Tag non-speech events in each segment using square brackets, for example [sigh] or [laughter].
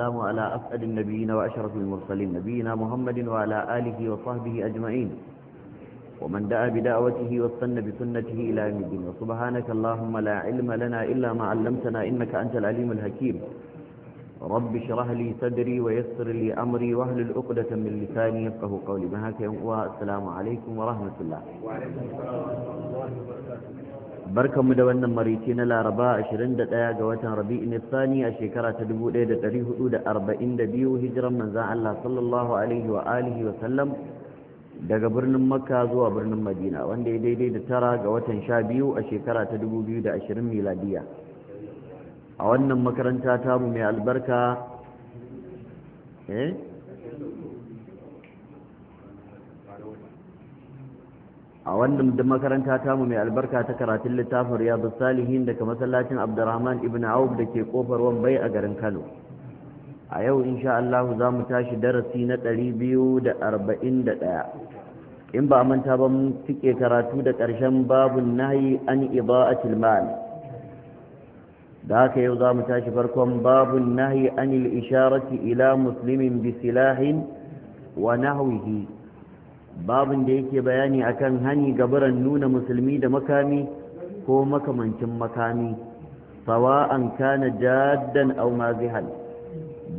والسلام على أسعد النبيين وأشرف المرسلين نبينا محمد وعلى آله وصحبه أجمعين ومن دعا بدعوته واستنى بسنته إلى يوم الدين وسبحانك اللهم لا علم لنا إلا ما علمتنا إنك أنت العليم الحكيم رب اشرح لي صدري ويسر لي أمري وهل العقدة من لساني يفقه قولي بهاك يوم عليكم ورحمة الله وعليكم السلام ورحمة الله وبركاته mu da wannan marici na laraba 21 ga watan rabi'in tsani a shekara ta 1442 hijiran manzan Allah sallallahu alaihi wa alihi wa sallam daga birnin makka zuwa birnin madina wanda ya daidai da tara ga watan sha-biyu a shekara ta 2020 miladiya a wannan makaranta tamu mai albarka eh a wannan da makaranta mu mai albarka ta karatun littafin riyadu salihin daga masallacin abdurrahman ibn auf da ke kofar wambai a garin kano a yau insha Allah za mu tashi darasi na ɗari biyu da da ɗaya. in ba manta ba mun fike karatu da ƙarshen babun nahi an iba'atil mal da haka yau za mu tashi farkon babun nahi anil isharati ila muslimin bi silahin wa nahwihi babin da yake bayani akan hani gabaran nuna musulmi da makami ko makamancin makami fawa an kana jaddan aw mazihan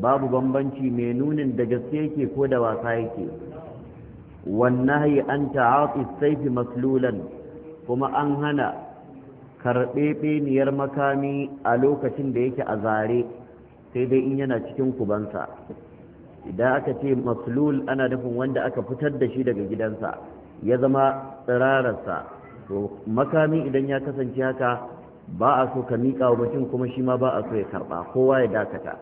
babu bambanci mai nunin da gaske yake ko da wasa yake wannahi an ta'ati sayfi maslulan kuma an hana karɓeɓeniyar makami a lokacin da yake a zare sai dai in yana cikin kubansa idan aka ce maslul ana nufin wanda aka fitar da shi daga gidansa ya zama tsirararsa to makami idan ya kasance haka ba a so ka miƙa wa mutum kuma shi ma ba a so ya karɓa kowa ya dakata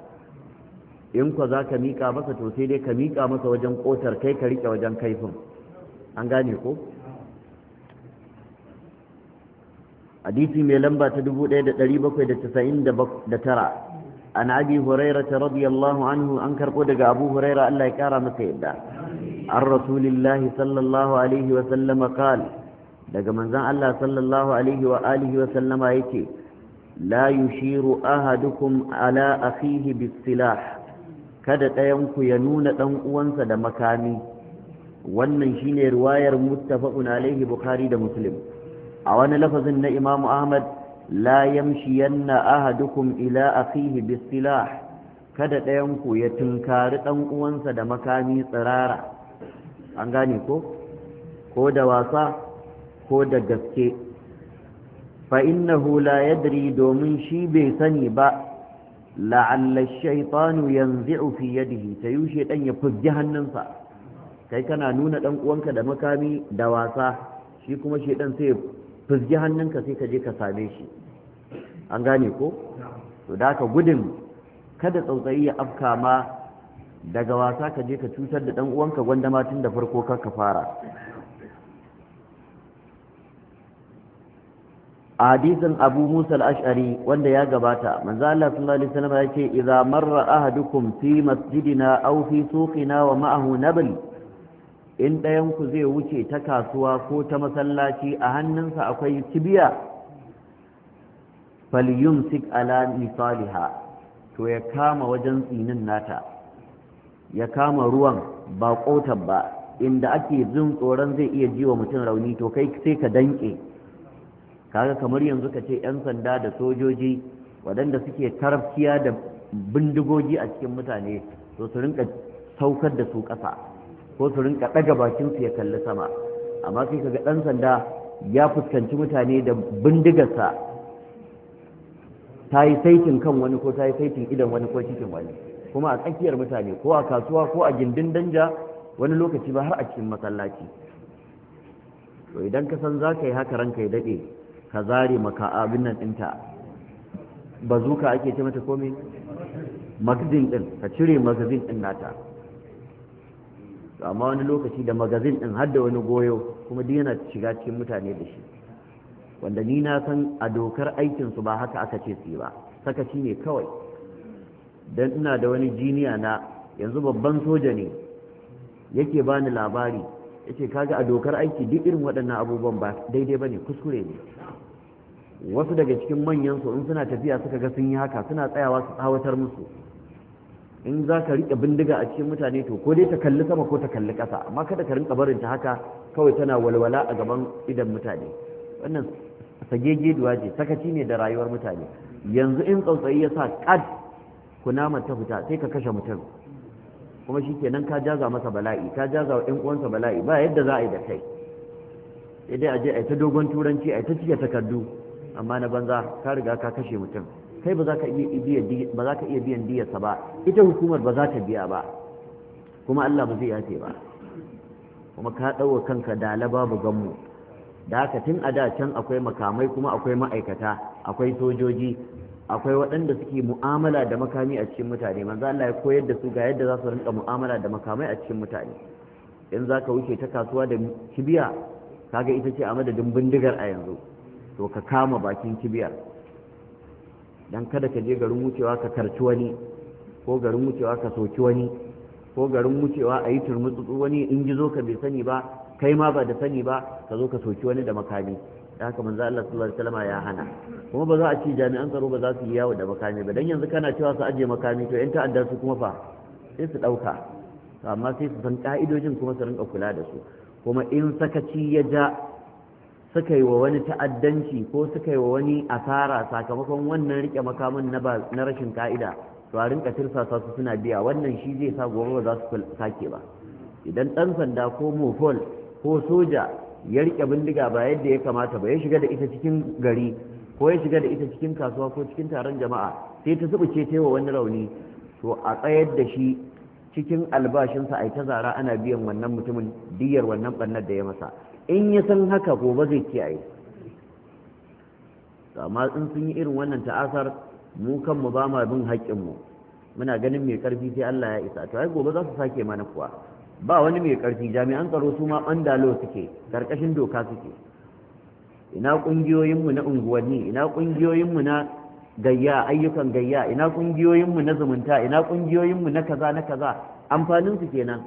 in kwa za ka miƙa masa to sai dai ka miƙa masa wajen ƙotar kai ka riƙe wajen kaifin an gane ko hadisi mai lamba ta 1799 an abi hurairata radiyallahu anhu an karɓo daga abu huraira Allah ya ƙara masa yadda an rasulillahi sallallahu alaihi wa sallama qal daga manzon Allah sallallahu alaihi wa alihi wa sallama yake la yushiru ahadukum ala akhihi bis kada ɗayan ku ya nuna ɗan uwansa da makami wannan shine riwayar muttafaqun alaihi bukhari da muslim a wani lafazin na imamu ahmad la yamshiyanna ahadukum ila akhihi bisilah kada ɗayan ku ya tunkari ɗan uwansa da makami tsirara an gane ko ko da wasa ko da gaske fa innahu la yadri domin shi bai sani ba la'alla shaytanu yanzi'u fi yadihi yushe dan ya fujji hannunsa kai kana nuna ɗan uwanka da makami da wasa shi kuma shedan sai fuzgi hannunka sai ka je ka same shi an gane ko to da ka gudun kada tsautsayi ya afka ma daga wasa ka je ka cutar da dan uwanka gwanda ma tun da farko ka ka fara a hadisin abu musa al-ash'ari wanda ya gabata manzo Allah sallallahu alaihi wasallam ya ce idza marra ahadukum fi masjidina aw fi suqina wa ma'ahu nabl in ɗayanku zai wuce ta kasuwa ko ta masallaci a hannunsa akwai kibiya falyumsik ala nisaliha to ya kama wajen tsinin nata ya kama ruwan ba kotan ba inda ake jin tsoron zai iya jiwa mutum rauni to kai sai ka danke kaga kamar yanzu ka ce 'yan sanda da sojoji waɗanda suke tarfiya da bindigogi a cikin mutane to su rinka saukar da su ƙasa ko su rinka ɗaga bakinsu ya kalli sama amma sai kaga ɗan sanda ya fuskanci mutane da bindigarsa ta yi saitin kan wani ko ta yi saitin idan wani ko cikin wani kuma a tsakiyar mutane ko a kasuwa ko a gindin danja wani lokaci ba har a cikin masallaci to idan ka san za ka yi haka ranka ya daɗe ka zare maka abin nan ɗinta bazuka ake ce mata komai magazin ɗin ka cire magazin ɗin nata amma wani lokaci da magazin ɗin har da wani goyo kuma duk yana shiga cikin mutane da shi wanda ni na san a dokar aikinsu ba haka aka ce su ba sakaci ne kawai don ina da wani jiniya na yanzu babban soja ne yake bani labari yace kaga a dokar aiki duk irin waɗannan abubuwan ba daidai ba ne kuskure ne wasu daga cikin manyan su in suna tafiya suka ga sun yi haka suna tsayawa su tsawatar musu in za ka riƙe bindiga a cikin mutane to ko dai ta kalli sama ko ta kalli ƙasa amma kada ka rinka barinta haka kawai tana walwala a gaban idan mutane wannan sagegeduwa ce sakaci ne da rayuwar mutane yanzu in tsautsayi ya sa kad kunama ta fita sai ka kashe mutum kuma shi kenan ka jaza masa bala'i ka jaza wa 'yan uwansa bala'i ba yadda za a yi da kai sai dai a je a yi ta dogon turanci a yi ta cike takardu amma na banza ka riga ka kashe mutum kai ba za ka iya biyan diyarsa ba ita hukumar ba za ta biya ba kuma Allah ba zai yafe ba kuma ka ɗauwa kanka da babu ganmu da haka tun a da can akwai makamai kuma akwai ma'aikata akwai sojoji akwai waɗanda suke mu'amala da makami a cikin mutane manzo Allah ya koyar da su ga yadda za su rinka mu'amala da makamai a cikin mutane in za ka wuce ta kasuwa da kibiya kaga ita ce a madadin bindigar a yanzu to ka kama bakin kibiyar dan kada ka je garin wucewa ka karci wani ko garin wucewa ka soki wani ko garin wucewa a yi turmutsutsu wani in ji zo ka bai sani ba kai ma ba da sani ba ka zo ka soki wani da makami da haka manzo Allah sallallahu alaihi wasallam ya hana kuma ba za a ci jami'an tsaro ba za su yi yawo da makami ba dan yanzu kana cewa su aje makami to in ta'addar su kuma fa sai su dauka amma sai su san ka'idojin kuma su rinka kula da su kuma in sakaci ya ja suka yi wa wani ta'addanci ko suka yi wa wani asara sakamakon wannan rike makamin na rashin ka'ida to a rinka tirsasa su suna biya wannan shi zai sa gobe ba za su sake ba idan dan sanda ko mofol ko soja ya rike bindiga ba yadda ya kamata ba ya shiga da ita cikin gari ko ya shiga da ita cikin kasuwa ko cikin taron jama'a sai ta zubuce ta wa wani rauni to a tsayar da shi cikin albashinsa a ta zara ana biyan wannan mutumin diyar wannan bannar da ya masa in ya san haka gobe zai kiyaye amma in sun yi irin wannan ta'asar mu kanmu ba ma bin haƙƙinmu muna ganin mai ƙarfi sai Allah ya isa to ai gobe za su sake mana kuwa ba wani mai ƙarfi jami'an tsaro su ma ɓandalo suke ƙarƙashin doka suke ina ƙungiyoyinmu na unguwanni ina ƙungiyoyinmu na gayya ayyukan gayya ina ƙungiyoyinmu na zumunta ina ƙungiyoyinmu na kaza na kaza amfanin su kenan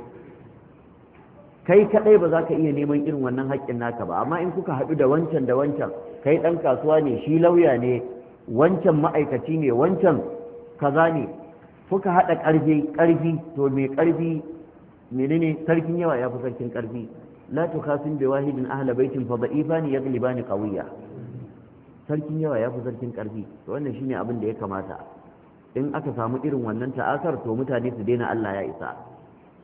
kai kaɗai ba za ka iya neman irin wannan haƙƙin naka ba amma in kuka haɗu da wancan da wancan kai ɗan kasuwa ne shi lauya ne wancan ma'aikaci ne wancan kaza ne kuka haɗa ƙarfi ƙarfi to mai ƙarfi menene sarkin yawa ya fi sarkin karfi la tukhasim bi wahidin ahla baitin fa da'ifani yaglibani qawiyya sarkin yawa ya fi sarkin karfi to wannan shine abin da ya kamata in aka samu irin wannan ta'asar to mutane su daina Allah ya isa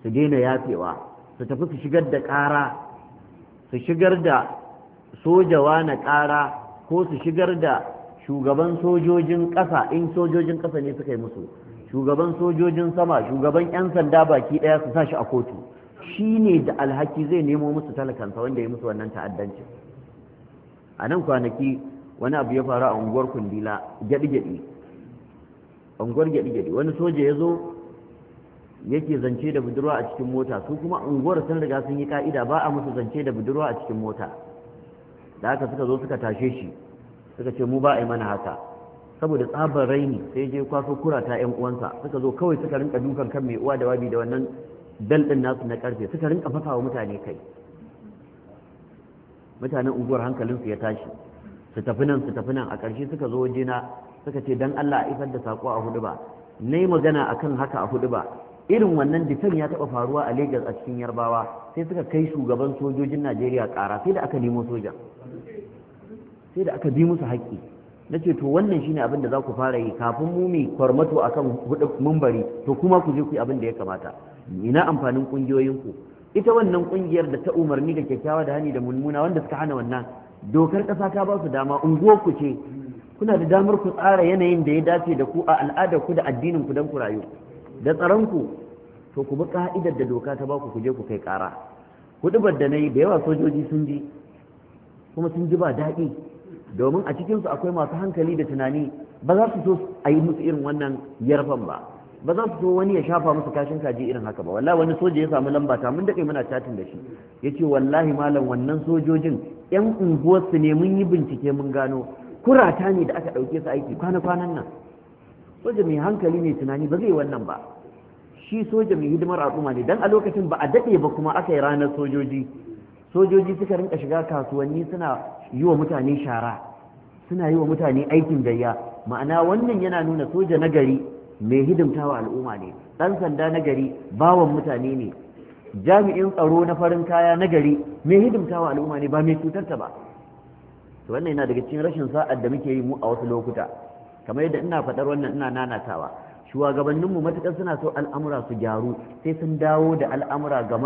su daina yafewa su tafi su shigar da ƙara su shigar da sojawa na ƙara ko su shigar da shugaban sojojin ƙasa in sojojin ƙasa ne suka yi musu shugaban sojojin sama shugaban 'yan sanda baki ɗaya su sa shi a kotu shi ne da alhaki zai nemo musu talakansa wanda ya musu wannan ta'addanci a nan kwanaki wani abu ya faru a unguwar kundila gyaɗi-gyaɗi unguwar gyaɗi-gyaɗi wani soja ya zo yake zance da budurwa a cikin mota su kuma unguwar sun riga sun yi ka'ida ba a musu zance da budurwa a cikin mota da haka suka zo suka tashe shi suka ce mu ba a yi mana haka saboda tsabar raini sai je kwaso kura ta yan uwansa suka zo kawai suka rinka dukan kan mai uwa da wabi da wannan dal nasu na karfe suka rinka fasa wa mutane kai mutanen unguwar hankalinsu ya tashi su tafi nan su tafi nan a ƙarshe suka zo na suka ce dan Allah a ifar da sako a hudu ba nayi magana akan haka a hudu ba irin wannan ditan ya taɓa faruwa a Legas a cikin Yarbawa sai suka kai shugaban sojojin Najeriya ƙara sai da aka sai da aka bi musu haƙƙi na ce to wannan shine abin da za ku fara yi kafin mu mi kwarmato a kan mumbari to kuma ku je ku yi abin da ya kamata ina amfanin ƙungiyoyinku ita wannan ƙungiyar da ta umarni da kyakkyawa da hani da mummuna wanda suka hana wannan dokar ƙasa ta ba su dama ku ce kuna da damar ku tsara yanayin da ya dace da ku a al'adar ku da addinin ku don ku rayu da tsaron ku to ku bi ka'idar da doka ta ba ku ku je ku kai ƙara hudubar da na yi da yawa sojoji sun ji kuma sun ji ba daɗi domin a cikinsu akwai masu hankali da tunani ba za su so a yi musu irin wannan yarfan ba ba za su so wani ya shafa musu kashin kaji irin haka ba wallahi wani soja ya samu lamba ta mun daɗe muna chatin da shi ya ce wallahi malam wannan sojojin yan unguwarsu ne mun yi bincike mun gano kurata ne da aka ɗauke su aiki kwana-kwanan nan soja mai hankali mai tunani ba zai wannan ba shi soja mai hidimar al'umma ne dan a lokacin ba a daɗe ba kuma aka yi ranar sojoji sojoji suka rinka shiga kasuwanni suna yi wa mutane shara suna yi wa mutane aikin gayya ma'ana wannan yana nuna soja nagari mai hidimta wa al'umma ne ɗan sanda nagari bawan mutane ne jami'in tsaro na farin kaya nagari mai hidimta wa al'umma ne ba mai cutar ta ba to wannan yana daga cikin rashin sa'ad da muke yi mu a wasu lokuta kamar yadda ina faɗar wannan ina nanatawa shugabanninmu matuƙar suna so al'amura su gyaru sai sun dawo da al'amura ga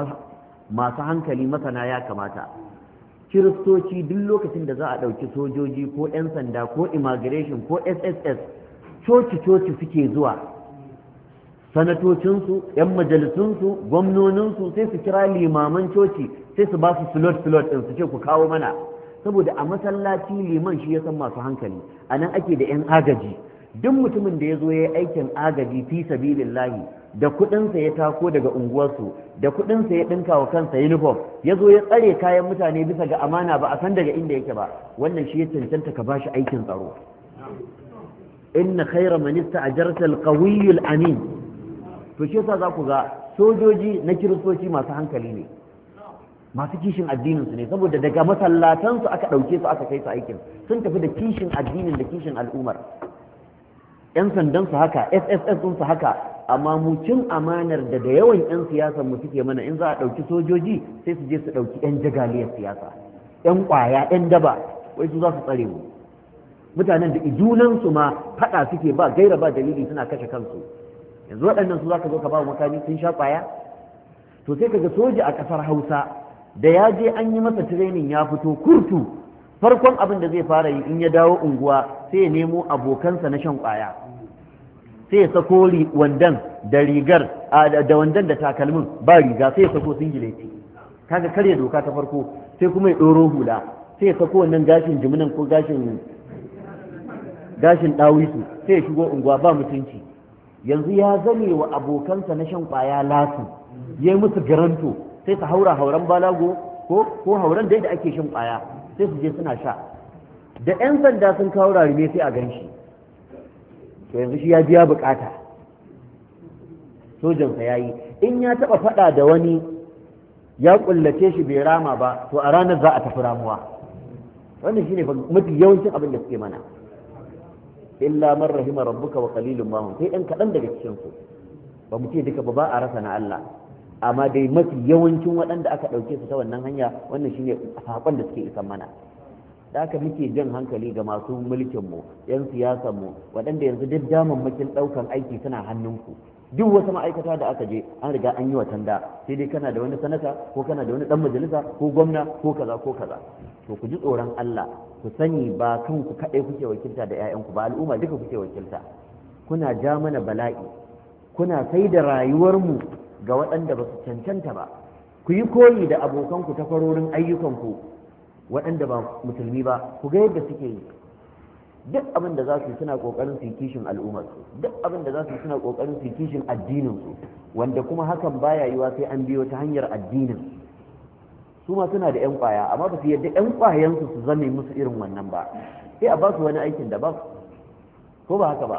masu hankali masana ya kamata kiristoci duk lokacin da za a ɗauki sojoji ko 'yan sanda ko immigration ko sss coci-coci suke zuwa sanatocinsu 'yan majalisunsu gwamnoninsu sai su kira limaman coci sai su ba su slot-slot ɗin su ce ku kawo mana saboda a masallaci liman shi ya san masu hankali a nan ake da 'yan agaji duk mutumin da ya zo ya yi aikin agaji fi sabilillahi da kuɗinsa ya tako daga unguwarsu da kuɗinsa ya ɗinka wa kansa uniform ya zo ya tsare kayan mutane bisa ga amana ba a san daga inda yake ba wannan shi ya cancanta ka bashi aikin tsaro inna khaira man ista'jarta al-qawiy amin to shi yasa za ga sojoji na kiristoci masu hankali ne masu kishin addinin su ne saboda daga masallatansu aka ɗauke su aka kai su aikin sun tafi da kishin addinin da kishin al'ummar 'yan sandan su haka sss su haka amma mu cin amanar da da yawan 'yan siyasa mu suke mana in za a ɗauki sojoji sai su je su ɗauki 'yan jagaliyar siyasa 'yan ƙwaya 'yan daba wai su za su tsare mu mutanen da idunansu ma faɗa suke ba gaira ba dalili suna kashe kansu yanzu waɗannan su za ka zo ka ba makami sun sha ƙwaya to sai kaga soja a ƙasar hausa da ya je an yi masa tirenin ya fito kurtu farkon abin da zai fara yi in ya dawo unguwa sai ya nemo abokansa na shan ƙwaya sai ya sako wandan da rigar da wandan da takalmin ba riga sai ya sako singileti kaga karya doka ta farko sai kuma ya ɗoro hula sai ya sako wannan gashin jiminan ko gashin ɗawisu sai ya shigo unguwa ba mutunci yanzu ya zame wa abokansa na shan ƙwaya lasu ya yi musu garanto sai su haura hauren balago ko ko hauren dai da ake shan ƙwaya sai su je suna sha da 'yan sanda sun kawo rarume sai a gan shi to yanzu shi ya biya bukata sojansa ya yi in ya taba faɗa da wani ya ƙullace shi bai rama ba to a ranar za a tafi ramuwa wannan shine mafi yawancin abin da suke mana illa man rahima rabbuka wa qalilun ma hum sai ɗan kaɗan daga cikin su ba mu ce duka ba ba a rasa na Allah amma dai mafi yawancin waɗanda aka ɗauke su ta wannan hanya wannan shine sakon da suke isan mana da haka muke jan hankali ga masu mulkinmu 'yan siyasanmu waɗanda yanzu duk damammakin ɗaukan aiki suna hannunku duk wasu ma'aikata da aka je an riga an yi wa tanda sai dai kana da wani sanata ko kana da wani dan majalisa ko gwamna ko kaza ko kaza to ku ji tsoron Allah ku sani ba kanku kaɗai kuke wakilta da ku ba al'umma duka kuke wakilta kuna ja mana bala'i kuna sai da rayuwarmu ga waɗanda ba su cancanta ba ku yi koyi da abokanku ta farorin ayyukanku waɗanda ba musulmi ba ku ga yadda suke yi duk abin da za su suna kokarin su kishin al'ummar su duk abin da za su suna kokarin su kishin addinin su wanda kuma hakan baya yiwa sai an biyo ta hanyar addinin su ma suna da yan kwaya amma ba su yadda yan kwayan su su zame musu irin wannan ba sai a ba su wani aikin da ba ko ba haka ba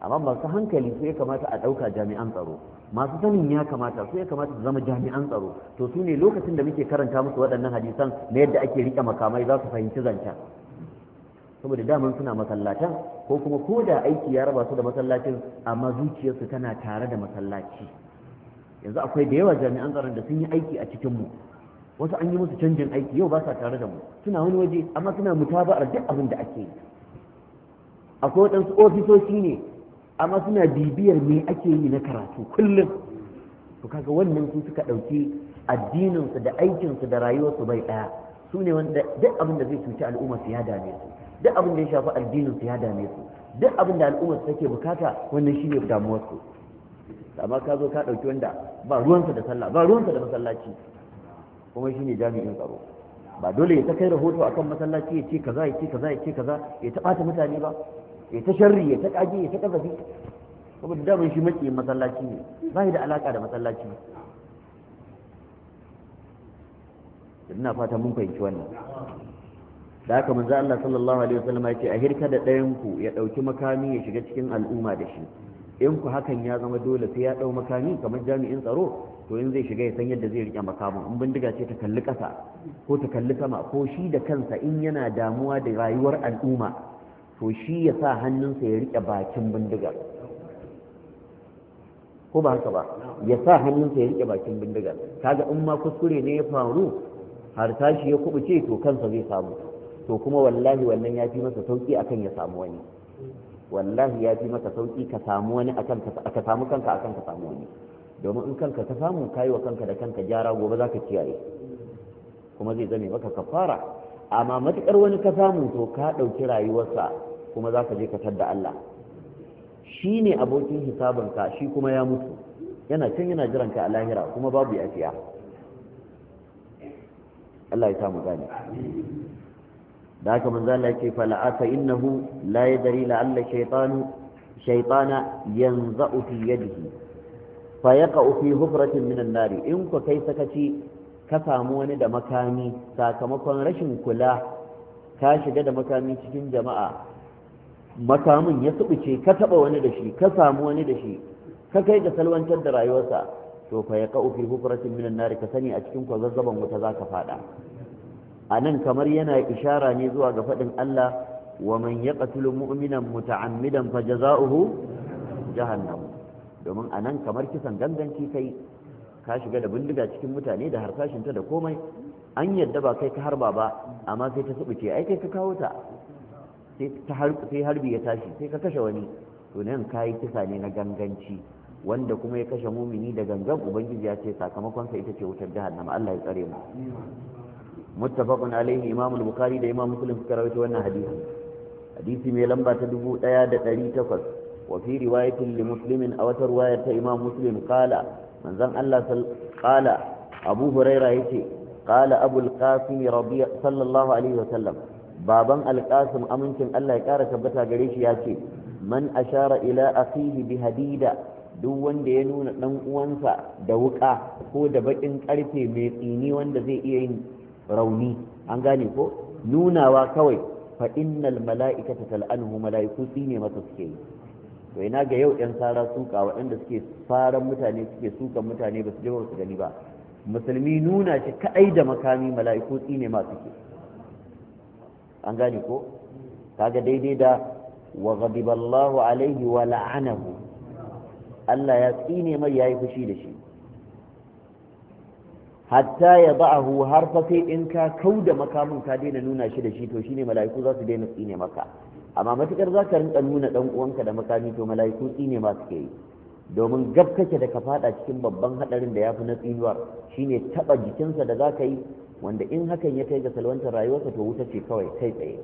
amma masu hankali su ya kamata a ɗauka jami'an tsaro masu sanin ya kamata su ya kamata su zama jami'an tsaro to su ne lokacin da muke karanta musu waɗannan hadisan na yadda ake riƙe makamai za su fahimci zancen saboda daman suna masallatan ko kuma ko da aiki ya raba su da masallacin amma zuciyarsu tana tare da masallaci yanzu akwai da yawa jami'an tsaron da sun yi aiki a cikin mu wasu an yi musu canjin aiki yau ba sa tare da mu suna wani waje amma suna mutaba'ar duk abin da ake yi akwai waɗansu ofisoshi ne amma suna bibiyar me ake yi na karatu kullum to kaga wannan su suka ɗauki addininsu da aikinsu da rayuwarsu bai ɗaya su ne wanda duk abin da zai cuci al'umma su ya dame su duk abin da ya shafi addinin su ya dame su duk abin da al'umma su take bukata wannan shi ne damuwar su amma ka zo ka ɗauki wanda ba ruwansa da sallah ba ruwansa da masallaci kuma shi ne jami'in tsaro ba dole ya ta kai rahoto akan masallaci ya ce kaza ya ce kaza ya ce kaza ya ta mutane ba ya ta sharri ya ta kage ya ta kazafi saboda damar shi makiyin masallaci ne ba da alaka da masallaci ina fata mun fahimci wannan da haka manzo Allah sallallahu alaihi wasallam ya ce a hirka da ɗayan ku ya ɗauki makami ya shiga cikin al'umma da shi in ku hakan ya zama dole sai ya ɗau makami kamar jami'in tsaro to in zai shiga ya san yadda zai riƙe makamin in bindiga ce ta kalli ƙasa ko ta kalli sama ko shi da kansa in yana damuwa da rayuwar al'umma to shi ya sa hannunsa ya riƙe bakin bindigar ko ba haka ba ya sa hannunsa ya riƙe bakin bindigar kaga in ma kuskure ne ya faru har tashi ya kubuce to kansa zai samu to kuma wallahi wannan ya fi masa sauki akan ya samu wani wallahi ya fi masa sauki ka samu wani akan ka samu kanka akan ka samu wani domin in kanka ka samu kayi wa kanka da kanka gyara gobe za ka kiyaye kuma zai zame maka kafara amma matuƙar wani ka samu to ka ɗauki rayuwarsa kuma za ka je ka tadda Allah shi ne abokin hisabinka shi kuma ya mutu yana can yana jiran ka a lahira kuma babu fiya Allah ya samu gani. da haka manzo Allah yake aka innahu la yadri alla shaytanu shaytana yanza'u fi yadihi fa yaqa fi hufratin minan nar in ku kai sakaci ka samu wani da makami sakamakon rashin kula ka shiga da makami cikin jama'a makamin ya tsubuce ka taba wani da shi ka samu wani da shi ka kai ga salwantar da rayuwarsa to fa ya ka'u fi hukuratin minan nari ka sani a cikin kwazazzaban wuta ka fada nan kamar yana ishara ne zuwa ga faɗin Allah wa man yaqtulu mu'minan muta'ammidan jaza'uhu jahannam domin a nan kamar kisan ganganci kai ka shiga da bindiga cikin mutane da harsashinta da komai an yadda ba kai ka harba ba amma sai ta subuce ai kai ka kawo ta sai harbi ya tashi sai ka kashe wani to nan ka yi kisa ne na ganganci wanda kuma ya kashe mumini da gangan ubangiji ya ce sakamakonsa ita ce wutar jahannama Allah ya tsare mu muttafaqun alaihi imam al-bukhari da imam muslim suka rawaito wannan hadisi hadisi mai lamba ta 1800 ɗari fi riwayatin li muslimin a wata riwayar ta imam muslim Kala. manzon Allah qala Abu Huraira yace qala Abu al-Qasim Rabi' sallallahu alaihi wasallam baban al-Qasim amincin Allah ya kara tabbata gare shi yace man ashara ila akhihi bi hadida duk wanda ya nuna dan uwansa da wuka ko da bakin karfe mai tsini wanda zai iya yin rauni an gane ko nunawa kawai fa innal mala'ikata tal'anhu mala'iku tsine masa suke yi to ina ga yau yan sara suka waɗanda suke faran mutane suke sukan mutane ba su je su gani ba musulmi nuna shi kaɗai da makami mala'iku ne ma suke an gane ko kaga daidai da wa ghadiballahu alaihi wa la'anahu Allah ya tsine mai yayi fushi da shi hatta ya ba'ahu har fa sai in ka kauda makamin ka daina nuna shi da shi to shine mala'iku za su daina tsine maka amma matukar za ka rinka nuna ɗan uwanka da makami to mala'iku ne ma suke yi domin gab kake da ka fada cikin babban hadarin da ya fi na tsinuwa shine taba jikinsa da za ka yi wanda in hakan ya kai ga salwantar rayuwarsa to wuta ce kawai kai tsaye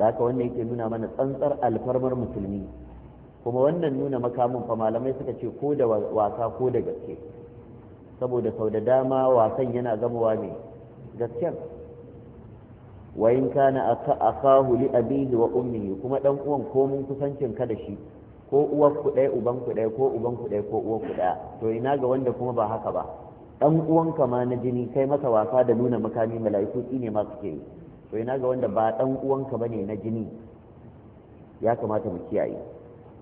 da haka wannan yake nuna mana tsantsar alfarmar musulmi kuma wannan nuna makamin fa malamai suka ce ko da wasa ko da gaske saboda sau da dama wasan yana gamawa ne gasken wa in kana akahu li abihi wa ummihi kuma dan uwan ko mun kusancin ka da shi ko uwar ku ɗaya uban ku ɗaya ko uban ku ɗaya ko uwar ku ɗaya to ina ga wanda kuma ba haka ba dan uwan ka ma na jini kai masa wasa da nuna makami mala'iku ne ma suke yi to ina ga wanda ba dan uwan ka bane na jini ya kamata mu kiyaye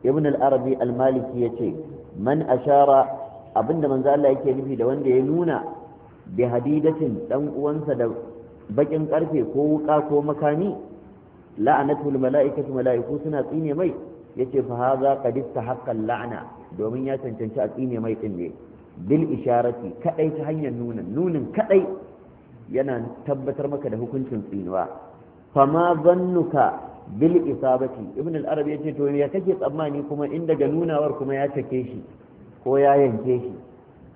ibn al-arabi al-maliki yace man ashara abinda manzo Allah yake nufi da wanda ya nuna bi hadidatin dan uwansa da bakin karfe ko wuka ko makami la'anatul mala'ikatu mala'iku suna tsine mai yace fa hadha qad istahaqqa la'na domin ya cancanci a tsine mai din ne bil isharati kadai ta hanyar nunin nunin kadai yana tabbatar maka da hukuncin tsinuwa ma zannuka bil isabati ibn al arab yace to ya kake tsammani kuma in daga nunawar kuma ya take shi ko ya yanke shi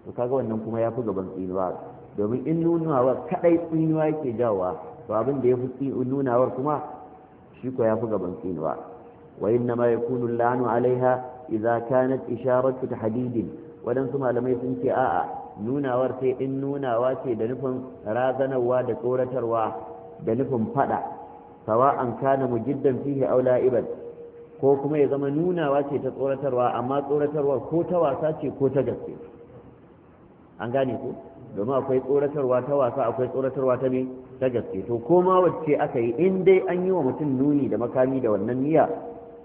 to kaga wannan kuma ya fi gaban tsinuwa domin in nunawar kadai tsinuwa yake jawowa to abin da ya fi nunawar kuma shi ko ya fi gaban tsinuwa wa inna ma yakunu la'anu alaiha idza kanat isharatu tahdidin wadansu malamai sun ce a'a nunawar sai in nunawa ce da nufin razanarwa da tsoratarwa da nufin fada an kana mujiddan fihi aw la'iban ko kuma ya zama nunawa ce ta tsoratarwa amma tsoratarwar ko ta wasa ce ko ta gaske an gane ko domin akwai tsoratarwa ta wasa akwai tsoratarwa ta me ta gaske to koma wacce aka yi in dai an yi wa mutum nuni da makami da wannan niyya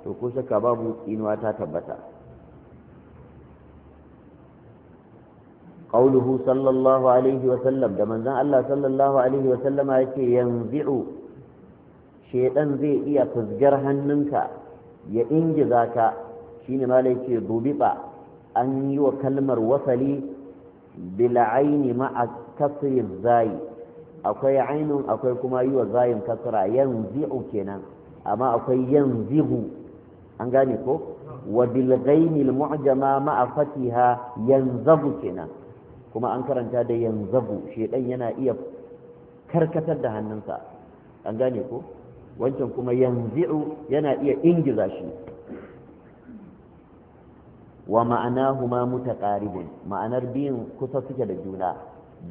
to ko saka babu tsinuwa ta tabbata qauluhu sallallahu alaihi wa da manzon Allah sallallahu alaihi wa sallama yake yanzi'u shedan zai iya fusgar hannunka ya ingiza ka shine malai ce dubiba an yi wa kalmar wasali bil'aini ma'a kasrin zai akwai ainun akwai kuma yi wa zayin kasra yanzi'u kenan amma akwai yanzihu an gane ko wa al mu'jama ma'a fatiha yanzabu kenan kuma an karanta da yanzabu shedan yana iya karkatar da hannunsa an gane ko wancan kuma yanzi'u yana iya ingiza shi wa ma'anahuma mutaqaribun ma'anar biyun kusa suke da juna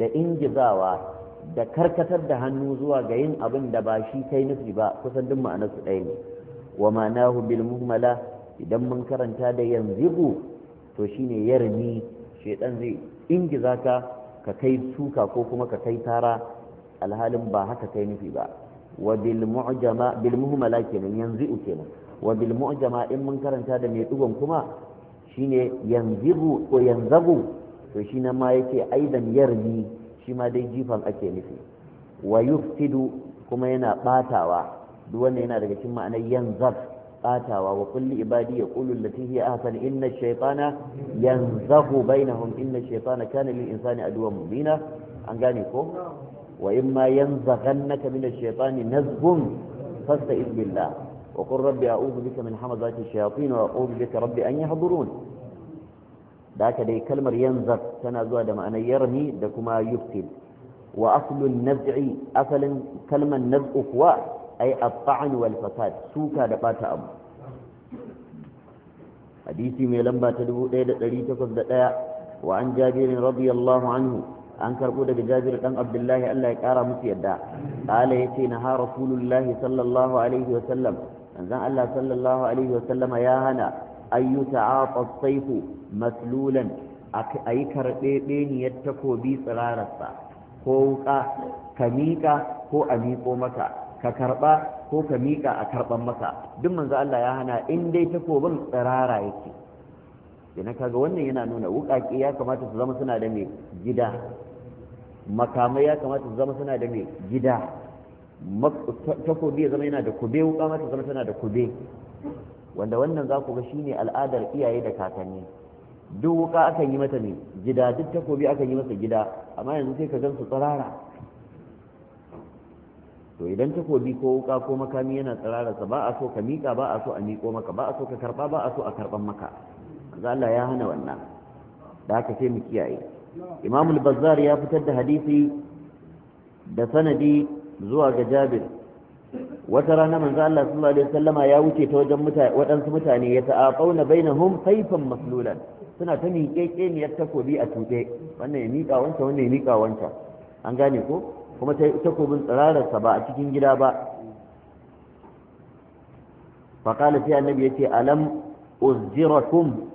da ingizawa da karkatar da hannu zuwa ga yin abin da ba shi kai nufi ba kusan duk ma'anar su ɗaya ne wa ma'anahu bil muhmala idan mun karanta da yanzu to shine yarmi shedan zai ingiza ka kai suka ko kuma ka kai tara alhalin ba haka kai nufi ba wa bil mu'jama bil muhmala kenan yanzu kenan wa bil mu'jama in mun karanta da mai dugon kuma shine yanzibu ko yanzabu to shi na ma yake aidan yarmi shi ma dai jifan ake nufi wa kuma yana batawa duk wanda yana daga cikin ma'anar yanzab batawa wa kulli ibadi yaqulu allati hiya ahsan inna ash-shaytana yanzahu bainahum inna ash-shaytana kana lil insani aduwwan mubina an gane ko wa imma yanzaghannaka min ash-shaytani nazghun fasta'iz billah وقل ربي أعوذ بك من حمزات الشياطين وأعوذ بك ربي أن يحضرون ذاك دي كلمة ينزف تنازوها دم أن يرمي دكما يبتل وأصل النزع أصل كلمة نزع فوا أي الطعن والفساد سوكا دقات أبو حديثي ميلمبا تدبو ليلة ليلة قصد وعن جابر رضي الله عنه an karbo daga jabir dan abdullahi Allah ya kara musu yadda qala yace na ha rasulullahi sallallahu alaihi wasallam manzon Allah sallallahu alaihi wasallama ya hana ayyuta aqa sayfu maslulan ayi karbebeniyar takobi tsirararsa ko wuka ka miƙa ko a miƙo maka ka karɓa ko ka miƙa a karban maka duk manzo Allah ya hana in dai takobin tsirara yake idan kaga wannan yana nuna wuƙaƙe ya kamata su zama suna da mai gida makamai ya kamata su zama suna da mai gida takobi ya zama yana da kube wuka mata zama tana da kube wanda wannan za ku ga shine al'adar iyaye da kakanni duk wuka akan yi mata ne gida duk takobi akan yi masa gida amma yanzu sai ka gan su tsirara to idan takobi ko wuka ko makami yana tsirararsa ba a so ka miƙa ba a so a miƙo maka ba a so ka karɓa ba a so a karɓan maka Allah ya hana wannan da haka sai mu kiyaye imamul bazzar ya fitar da hadisi da sanadi zuwa ga jabir wata rana manzo Allah sallallahu alaihi wasallama ya wuce ta wajen mutane waɗansu mutane ya ta'aqauna bainahum sayfan maslulan suna ta miƙeƙe ne takobi a tuɗe wannan ya miƙa wanta, wannan ya miƙa wanta. an gane ko kuma takobin tsirararsa ba a cikin gida ba faƙala fi annabi ya ce alam uzjirakum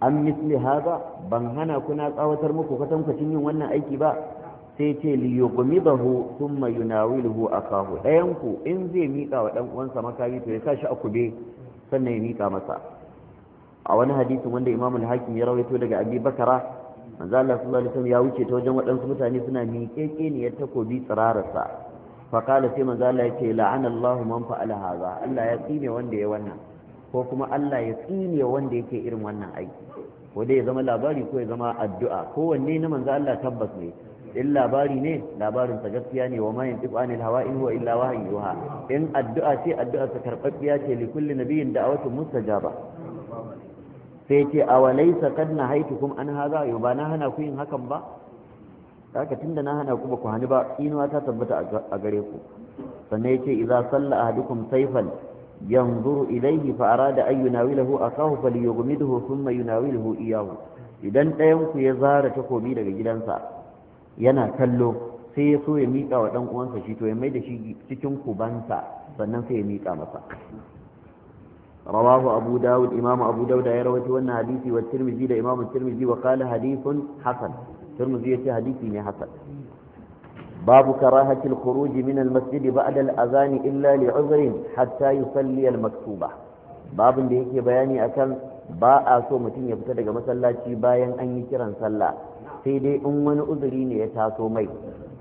an misli hada ban hana kuna tsawatar muku kwatankwacin yin wannan aiki ba sai ce li yughmidahu thumma yunawiluhu akahu dayan ku in zai mika wa dan uwansa makami to ya sa shi a kube sannan ya mika masa a wani hadisin wanda Imam hakim ya rawaito daga Abi Bakara manzo Allah sallallahu alaihi wasallam ya wuce ta wajen waɗansu mutane suna miƙeƙe ne ya takobi tsirararsa fa kala sai manzo Allah yake la'ana Allahu man fa'ala hadha Allah ya tsine wanda ya wannan ko kuma Allah ya tsine wanda yake irin wannan aiki ko dai ya zama labari ko ya zama addu'a kowanne na manzo Allah tabbas ne in labari ne labarin sa gaskiya ne wa ma yantiqu anil hawa in huwa illa wahyu yuha in addu'a ce addu'a sa karbabbiya ce li kulli nabiyyin da'watun mustajaba sai ce awalaysa kad nahaitukum an hadha yau ba na hana ku yin hakan ba haka tunda na hana ku ba ku hani ba inuwa ta tabbata a gare ku sannan yace idza salla ahadukum sayfan yanzuru ilayhi fa arada an yunawilahu akahu falyughmidhu thumma yunawilahu iyahu idan ɗayanku ku ya zara takobi daga gidansa yana kallo sai ya so ya miƙa wa ɗan'uwansa shi to ya mai da shi cikin kubansa sannan sai ya miƙa masa rawahu abu dawud imamu abu dawud ya rawaci wannan hadisi wa tirmidhi da imamu tirmidhi wa qala hadithun hasan tirmidhi yace hadisi ne hassan. babu karahatil khuruj min masjidi masjid ba'da al illali illa hatta yusalli al maktuba babin da yake bayani akan ba a so mutum ya fita daga masallaci bayan an yi kiran sallah sai dai in wani uzuri ne ya taso mai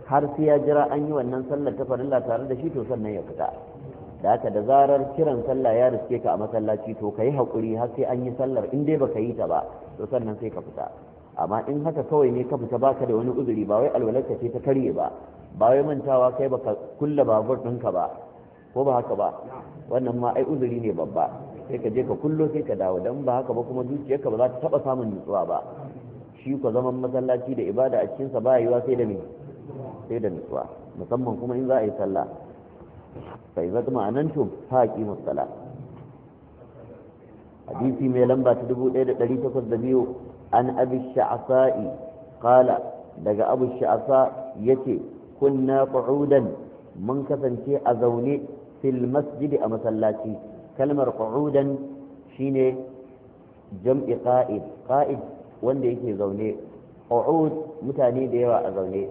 har sai ya jira an yi wannan sallar ta farilla tare da shi to sannan ya fita da haka da zarar kiran sallah ya riske ka a masallaci to ka yi haƙuri har sai an yi sallar in dai baka yi ta ba to sannan sai ka fita amma in haka kawai ne ka fita baka da wani uzuri ba wai alwalarka ce ta karye ba ba wai mantawa kai baka kulla babur ɗinka ba ko ba haka ba wannan ma ai uzuri ne babba sai ka je ka kullo sai ka dawo dan ba haka ba kuma zuciyarka ba za ta taɓa samun nutsuwa ba shi zaman masallaci da ibada a cikinsa ba yiwa sai da me sai da nutsuwa musamman kuma in za a yi sallah sai zata ma'anantum fa aqimus sala hadisi mai lamba ta 1802 an abi sha'sa'i qala daga abu sha'sa yace kunna qu'udan mun kasance a zaune fil masjid a masallaci kalmar qu'udan shine jam'i qa'id qa'id wanda yake zaune qu'ud mutane da yawa a zaune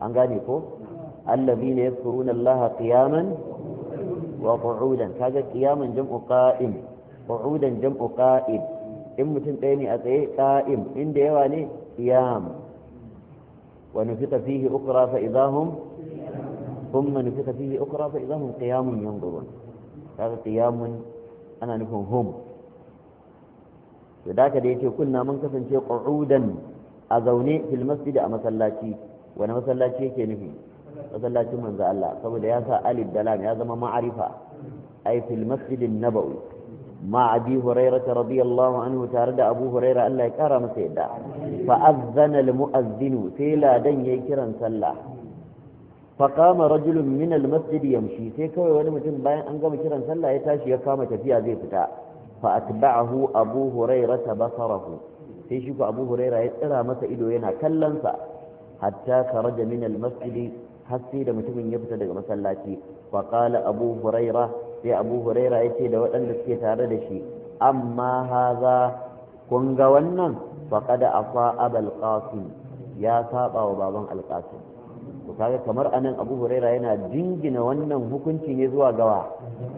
an gane ko ne yadhkuruna allaha qiyaman wa qu'udan kaga qiyaman jam'u qa'im qu'udan jam'u qa'id in mutum ɗaya ne a tsaye qa'im in da yawa ne qiyam wa nufika fihi ukra fa idahum thumma nufika fihi ukra fa idahum qiyamun yanzurun kaga qiyamun ana nufin hum to da ka da yace kunna mun kasance qu'udan a zaune fil masjid a masallaci wani masallaci yake nufi masallacin manzo Allah saboda ya sa alif da lam ya zama ma'arifa ay fil masjid an-nabawi ma abi hurairah radiyallahu anhu tare da abu hurairah Allah ya kara masa yadda fa azzana al-mu'azzin sai ladan yayi kiran sallah fa qama rajulun min al-masjid sai kawai wani mutum bayan an gama kiran sallah ya tashi ya kama tafiya zai fita fa atba'ahu abu hurairata basarahu sai shi abu huraira ya tsira masa ido yana kallonsa hatta kharaja min al-masjid har da mutumin ya fita daga masallaci fa qala abu huraira sai abu huraira yace da waɗanda suke tare da shi amma haza kun ga wannan faqad afa abul qasim ya saba wa baban al-qasim to kaga kamar anan abu huraira yana jingina wannan hukunci ne zuwa gawa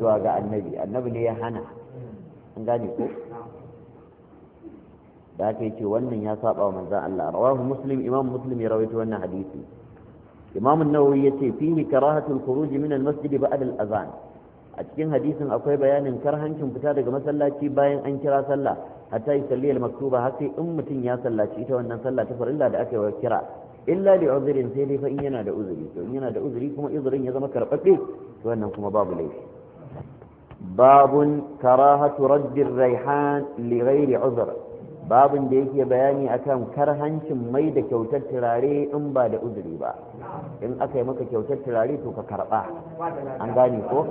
zuwa ga annabi annabi ne ya hana an gane ko da aka yi ce wannan ya saba wa manzan Allah rawahu muslim imam muslim ya rawaito wannan hadisi imam an-nawawi yace fihi karahatul khuruj min al-masjid ba'da al-azan a cikin hadisin akwai bayanin karhancin fita daga masallaci bayan an kira sallah hatta yi salliyar maktuba har sai in mutum ya sallaci ita wannan sallah ta farilla da aka yi kira illa li uzrin sai dai fa in yana da uzuri to in yana da uzuri kuma uzurin ya zama karɓaɓɓe to wannan kuma babu laifi babun karahatu raddin raihan lighairi uzur babun da yake bayani akan karhancin mai da kyautar turare in ba da uzuri ba in aka yi maka kyautar turare to ka karba an gane ko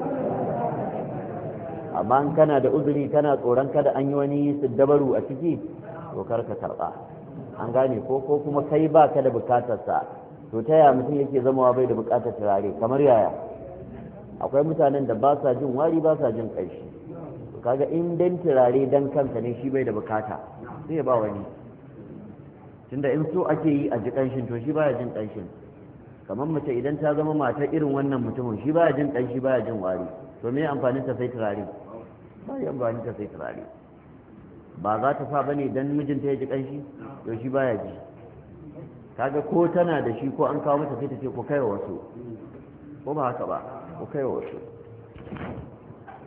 amma in kana da uzuri kana tsoron kada an yi wani siddabaru a ciki to kar ka karba an gane ko ko kuma kai ba ka da bukatarsa to ta yaya mutum yake zamawa bai da bukatar turare kamar yaya akwai mutanen da ba sa jin wari ba sa jin ƙarshi kaga in dan turare dan kansa ne shi bai da bukata sai ba wani tunda in so ake yi a ji ƙanshin to shi baya jin ƙanshin kamar mace idan ta zama mata irin wannan mutumin shi baya jin ƙanshi baya jin wari to me amfani ta sai turare ba ya amfani ta sai turare ba za ta sa bane dan mijinta ya ji ƙanshi to shi baya ji kaga ko tana da shi ko an kawo mata sai ta ce ko kai wasu ko ba haka ba ku kai wa wasu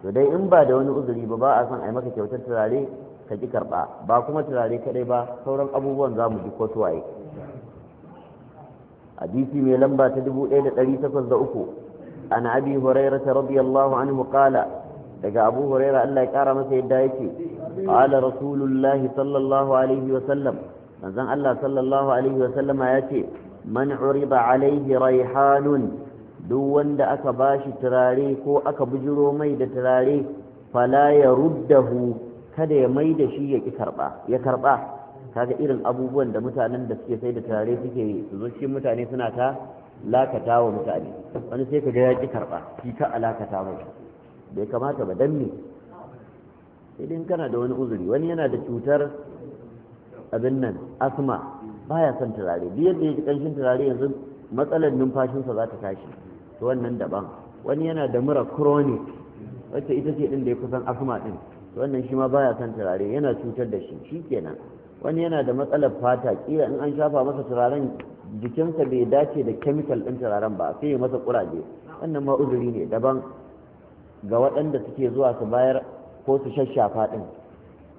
to dai in ba da wani uzuri ba ba a san a yi maka kyautar turare ka ki karɓa ba kuma turare kadai ba sauran abubuwan za mu ji ko suwaye hadisi mai lamba ta 1803 an abi hurairah radiyallahu anhu qala daga abu huraira Allah ya kara masa yadda yake qala rasulullahi sallallahu alaihi wa sallam manzon Allah sallallahu alaihi wa sallama yace man urida alaihi raihanun duk wanda aka ba shi turare ko aka bujiro mai da turare fala ya ruddahu kada ya mai da shi ya ki karba ya karba kaga irin abubuwan da mutanen da suke sai da turare suke yi su zo shi mutane suna ta lakata wa mutane wani sai kaga ya ki karba shi ka alakata mai bai kamata ba dan me sai kana da wani uzuri wani yana da cutar abin nan asma baya son turare duk da ya ji kanshin turare yanzu matsalar numfashinsa za ta tashi to wannan daban wani yana da mura chronic wacce ita ce din da ya kusan asma din to wannan shi ma baya son turare yana cutar da shi shi shikenan wani yana da matsalar fata kila in an shafa masa turaren jikinsa bai dace da chemical din turaren ba sai ya masa kuraje wannan ma uzuri ne daban ga waɗanda suke zuwa su bayar ko su shashafa din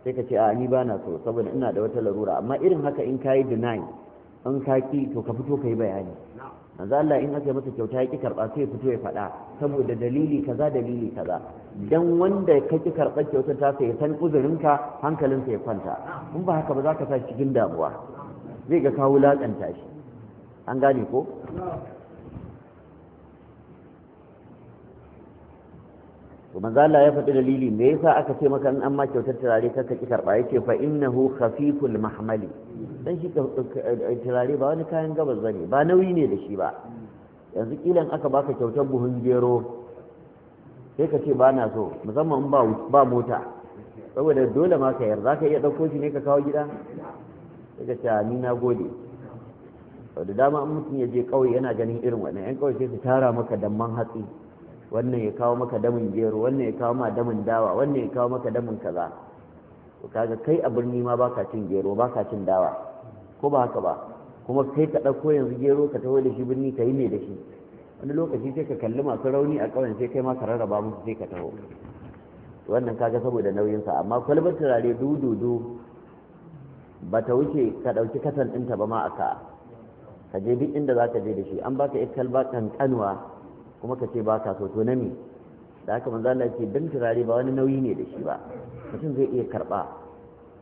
sai ka ce a ni ba so saboda ina da wata larura amma irin haka in kayi deny in kaki to ka fito ka yi bayani manzo Allah in aka masa kyauta ya ki karba sai fito ya faɗa saboda dalili kaza dalili kaza dan wanda ka ki karɓar kyautar ta sai san uzurinka hankalinsa ya kwanta in ba haka ba za ka sa cikin damuwa zai ga kawo lakanta shi an gane ko to manzo Allah ya faɗi dalili me yasa aka ce maka in an ma kyautar turare kar ka ki karba yake fa innahu khafiful mahmali dan shi eh, turare ba wani kayan gabas bane ba nauyi ne da shi ba yanzu kilan aka baka kyautar buhun gero sai ka ce ba na so musamman ba ba mota saboda dole ma ka yarda ka iya dauko shi ne ka kawo gida sai ka ce ni na gode da dama mutum ya je kauye yana ganin irin wannan yan kauye sai su tara maka damman hatsi wannan ya kawo maka damin gero wannan ya kawo ma damin dawa wannan ya kawo maka damin kaza to kaga kai a birni ma baka cin gero baka cin dawa ko ba haka ba kuma kai ka ɗauko yanzu gero ka taho da shi birni ka yi mai da shi wani lokaci sai ka kalli masu rauni a ƙauyen sai kai ma ka rarraba musu sai ka taho wannan kaga saboda nauyinsa amma kwalbar turare dududu ba ta wuce ka ɗauki kasan ɗinta ba ma a ka ka je duk inda za ka je da shi an baka ita kalba kankanwa kuma ka ce ba ka so to na me da aka manzo Allah ce dan turare ba wani nauyi ne da shi ba mutum zai iya karba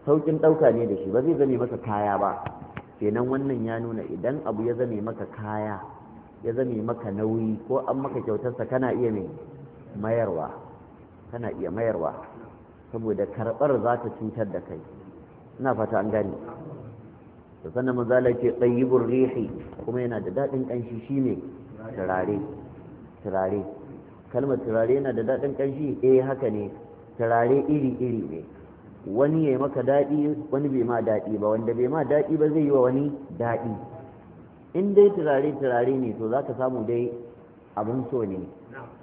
saukin dauka ne da shi ba zai zame masa kaya ba kenan wannan ya nuna idan abu ya zame maka kaya ya zame maka nauyi ko an maka kyautarsa kana iya mai mayarwa kana iya mayarwa saboda karɓar za ta cutar da kai ina fata an gane to sannan manzo Allah ce tayyibur rihi kuma yana da dadin kanshi shine turare turare kalmar turare yana da daɗin ƙanshi eh haka ne turare iri-iri ne wani ya yi maka daɗi wani bai ma daɗi ba wanda bai ma daɗi ba zai yi wa wani daɗi in dai turare turare ne to za ka samu dai abin so ne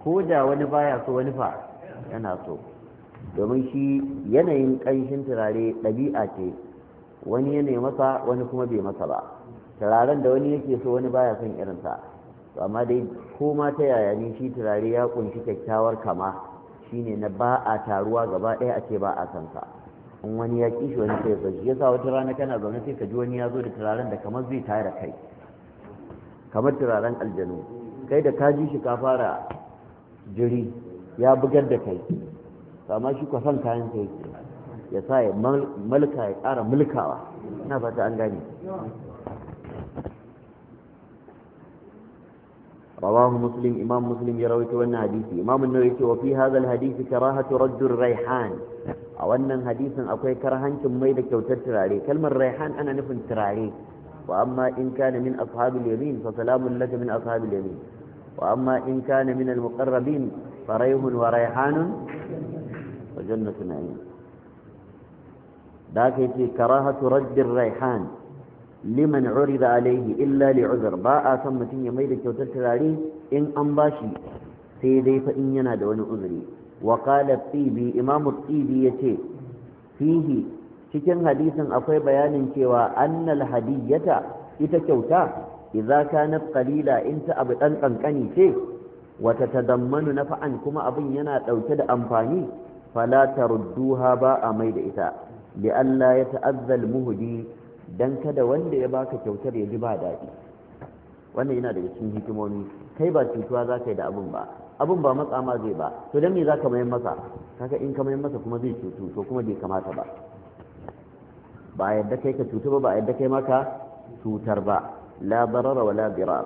ko da wani baya so wani fa yana so domin shi yanayin ƙanshin turare ɗabi'a ce wani yanayi masa wani kuma bai masa ba turaren da wani yake so wani baya son irinsa to amma dai ko ma ta yaya ne shi turare ya kunshi kyakkyawar kama shine na ba a taruwa gaba ɗaya a ce ba a san ka in wani ya kishi wani sai ya shi yasa wata rana kana zaune sai ka ji wani ya zo da turaren da kamar zai tare da kai kamar turaren aljanu kai da ka ji shi ka fara jiri ya bugar da kai amma shi kwasan kayan sai ya sa ya malka ya ƙara mulkawa ina fata an gane رواه مسلم إمام مسلم يروي تونا حديثي إمام النووي وفي هذا الحديث كراهة رد الريحان أو أن حديث أكوي كرهان كميدة كوتر تراري كلمة الريحان أنا نفن تراري وأما إن كان من أصحاب اليمين فسلام لك من أصحاب اليمين وأما إن كان من المقربين فريح وريحان وجنة نعيم ذاك كراهة رد الريحان liman urida alaihi illa li uzur ba a san mutum ya mai da kyautar turare in an bashi sai dai fa in yana da wani uzuri wa qala tibi imam tibi yace fihi cikin hadisin akwai bayanin cewa annal hadiyata ita kyauta idza kanat qalila in ta abu dan kankani ce wa tatadammanu nafa'an kuma abin yana dauke da amfani fala tarudduha ba a mai da ita li ya yata'azzal muhdi dan kada wanda ya baka kyautar ya ji ba daɗi wannan yana daga cikin hikimomi kai ba cutuwa za ka yi da abun ba abun ba matsa ma zai ba to dan me za ka mayar masa kaga in ka mayar masa kuma zai cutu to kuma bai kamata ba ba yadda kai ka cutu ba ba yadda kai maka cutar ba la barara wala dirar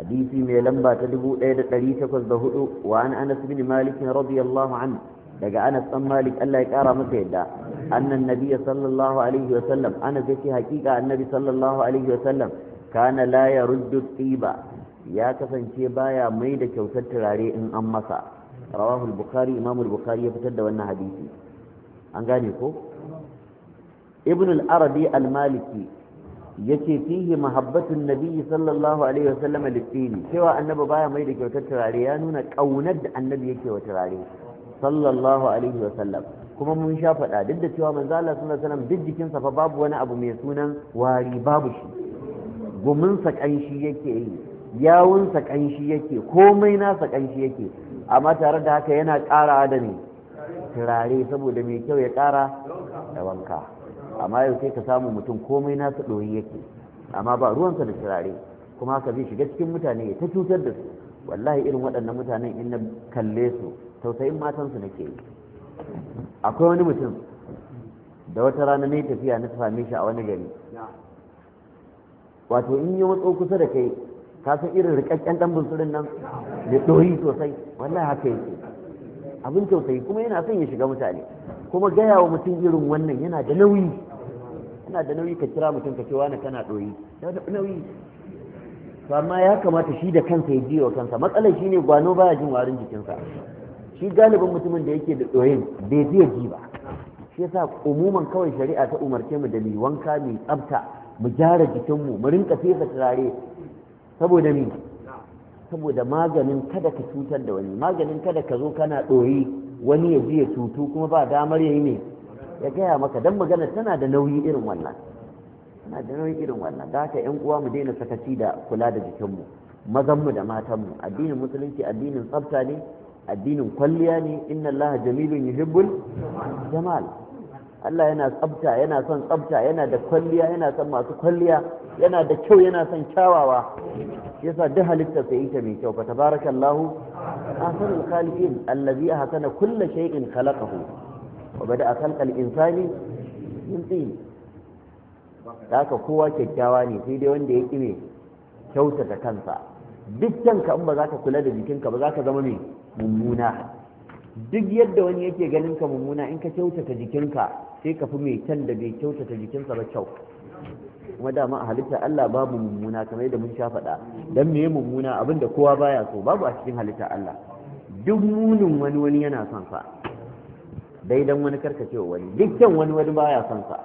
hadisi mai lamba ta 1804 wa an anas bin malik radiyallahu anhu daga anas dan malik Allah ya ƙara masa yadda annan nabiyyi sallallahu alaihi wa sallam anas yace hakika annabi sallallahu alaihi wa sallam kana la yaruddu tiba ya kasance baya mai da kyautar turare in an masa rawahu al-bukhari imam al-bukhari ya fitar da wannan hadisi an gane ko ibn al-arabi al-maliki yace fihi mahabbatun nabiyyi sallallahu alaihi wa sallam lit-tini cewa annabi baya mai da kyautar turare ya nuna kaunar da annabi yake wa turare sallallahu alaihi wa sallam kuma mun sha faɗa duk da cewa manzo Allah sallallahu alaihi wa fa babu wani abu mai sunan wari babu shi guminsa kanshi yake yi yawunsa kanshi yake komai nasa kanshi yake amma tare da haka yana ƙara da turare saboda mai kyau ya ƙara da wanka amma yau sai ka samu mutum komai nasa ɗoyi yake amma ba ruwansa da turare kuma haka zai shiga cikin mutane ya ta cutar da su wallahi irin waɗannan mutanen in na kalle su tausayin matansu nake yi akwai wani mutum da wata rana na tafiya na same shi a wani gari wato in yi matso kusa da kai ka san irin rikakken dan bunsurin nan da tsohi sosai wallahi haka yake abin tausayi kuma yana son ya shiga mutane kuma gaya wa mutum irin wannan yana da nauyi yana da nauyi ka kira mutum ka ce wani kana tsohi yana da nauyi to amma ya kamata shi da kansa ya jiya wa kansa matsalar shine gwano baya jin warin jikinsa shi galibin mutumin da yake da tsoyin bai ji ji ba shi yasa umuman kawai shari'a ta umarce mu da mu wanka mu tsabta mu gyara jikinmu mu rinka fesa turare saboda mi saboda maganin kada ka cutar da wani maganin kada ka zo kana ɗoyi wani ya ji ya cutu kuma ba damar ya yi ne ya gaya maka dan magana tana da nauyi irin wannan tana da nauyi irin wannan da haka 'yan uwa mu daina sakaci da kula da jikinmu mazanmu da matanmu addinin musulunci addinin tsafta ne addinin kwalliya ne inna allaha jamilun yuhibbul jamal Allah yana tsabta yana son tsabta yana da kwalliya yana son masu kwalliya yana da kyau yana son kyawawa yasa duk halitta sai ita mai kyau fa tabarakallahu ahsanul khaliqin allazi ahsana kull shay'in khalaqahu wa bada'a khalqal insani min tin haka kowa kyakkyawa ne sai dai wanda ya kime kyautata kansa dukkan ka in ba za ka kula da jikinka ba za ka zama mai mummuna duk yadda wani yake ganin ka mummuna in ka kyautata jikinka sai ka fi mai can da bai kyautata jikinsa ba kyau kuma dama a halitta Allah babu mummuna kamar yadda mun sha faɗa dan meye mummuna abinda kowa baya so babu a cikin halitta Allah duk munin wani wani yana son sa dai dan wani karkacewa wani dukkan wani wani baya son sa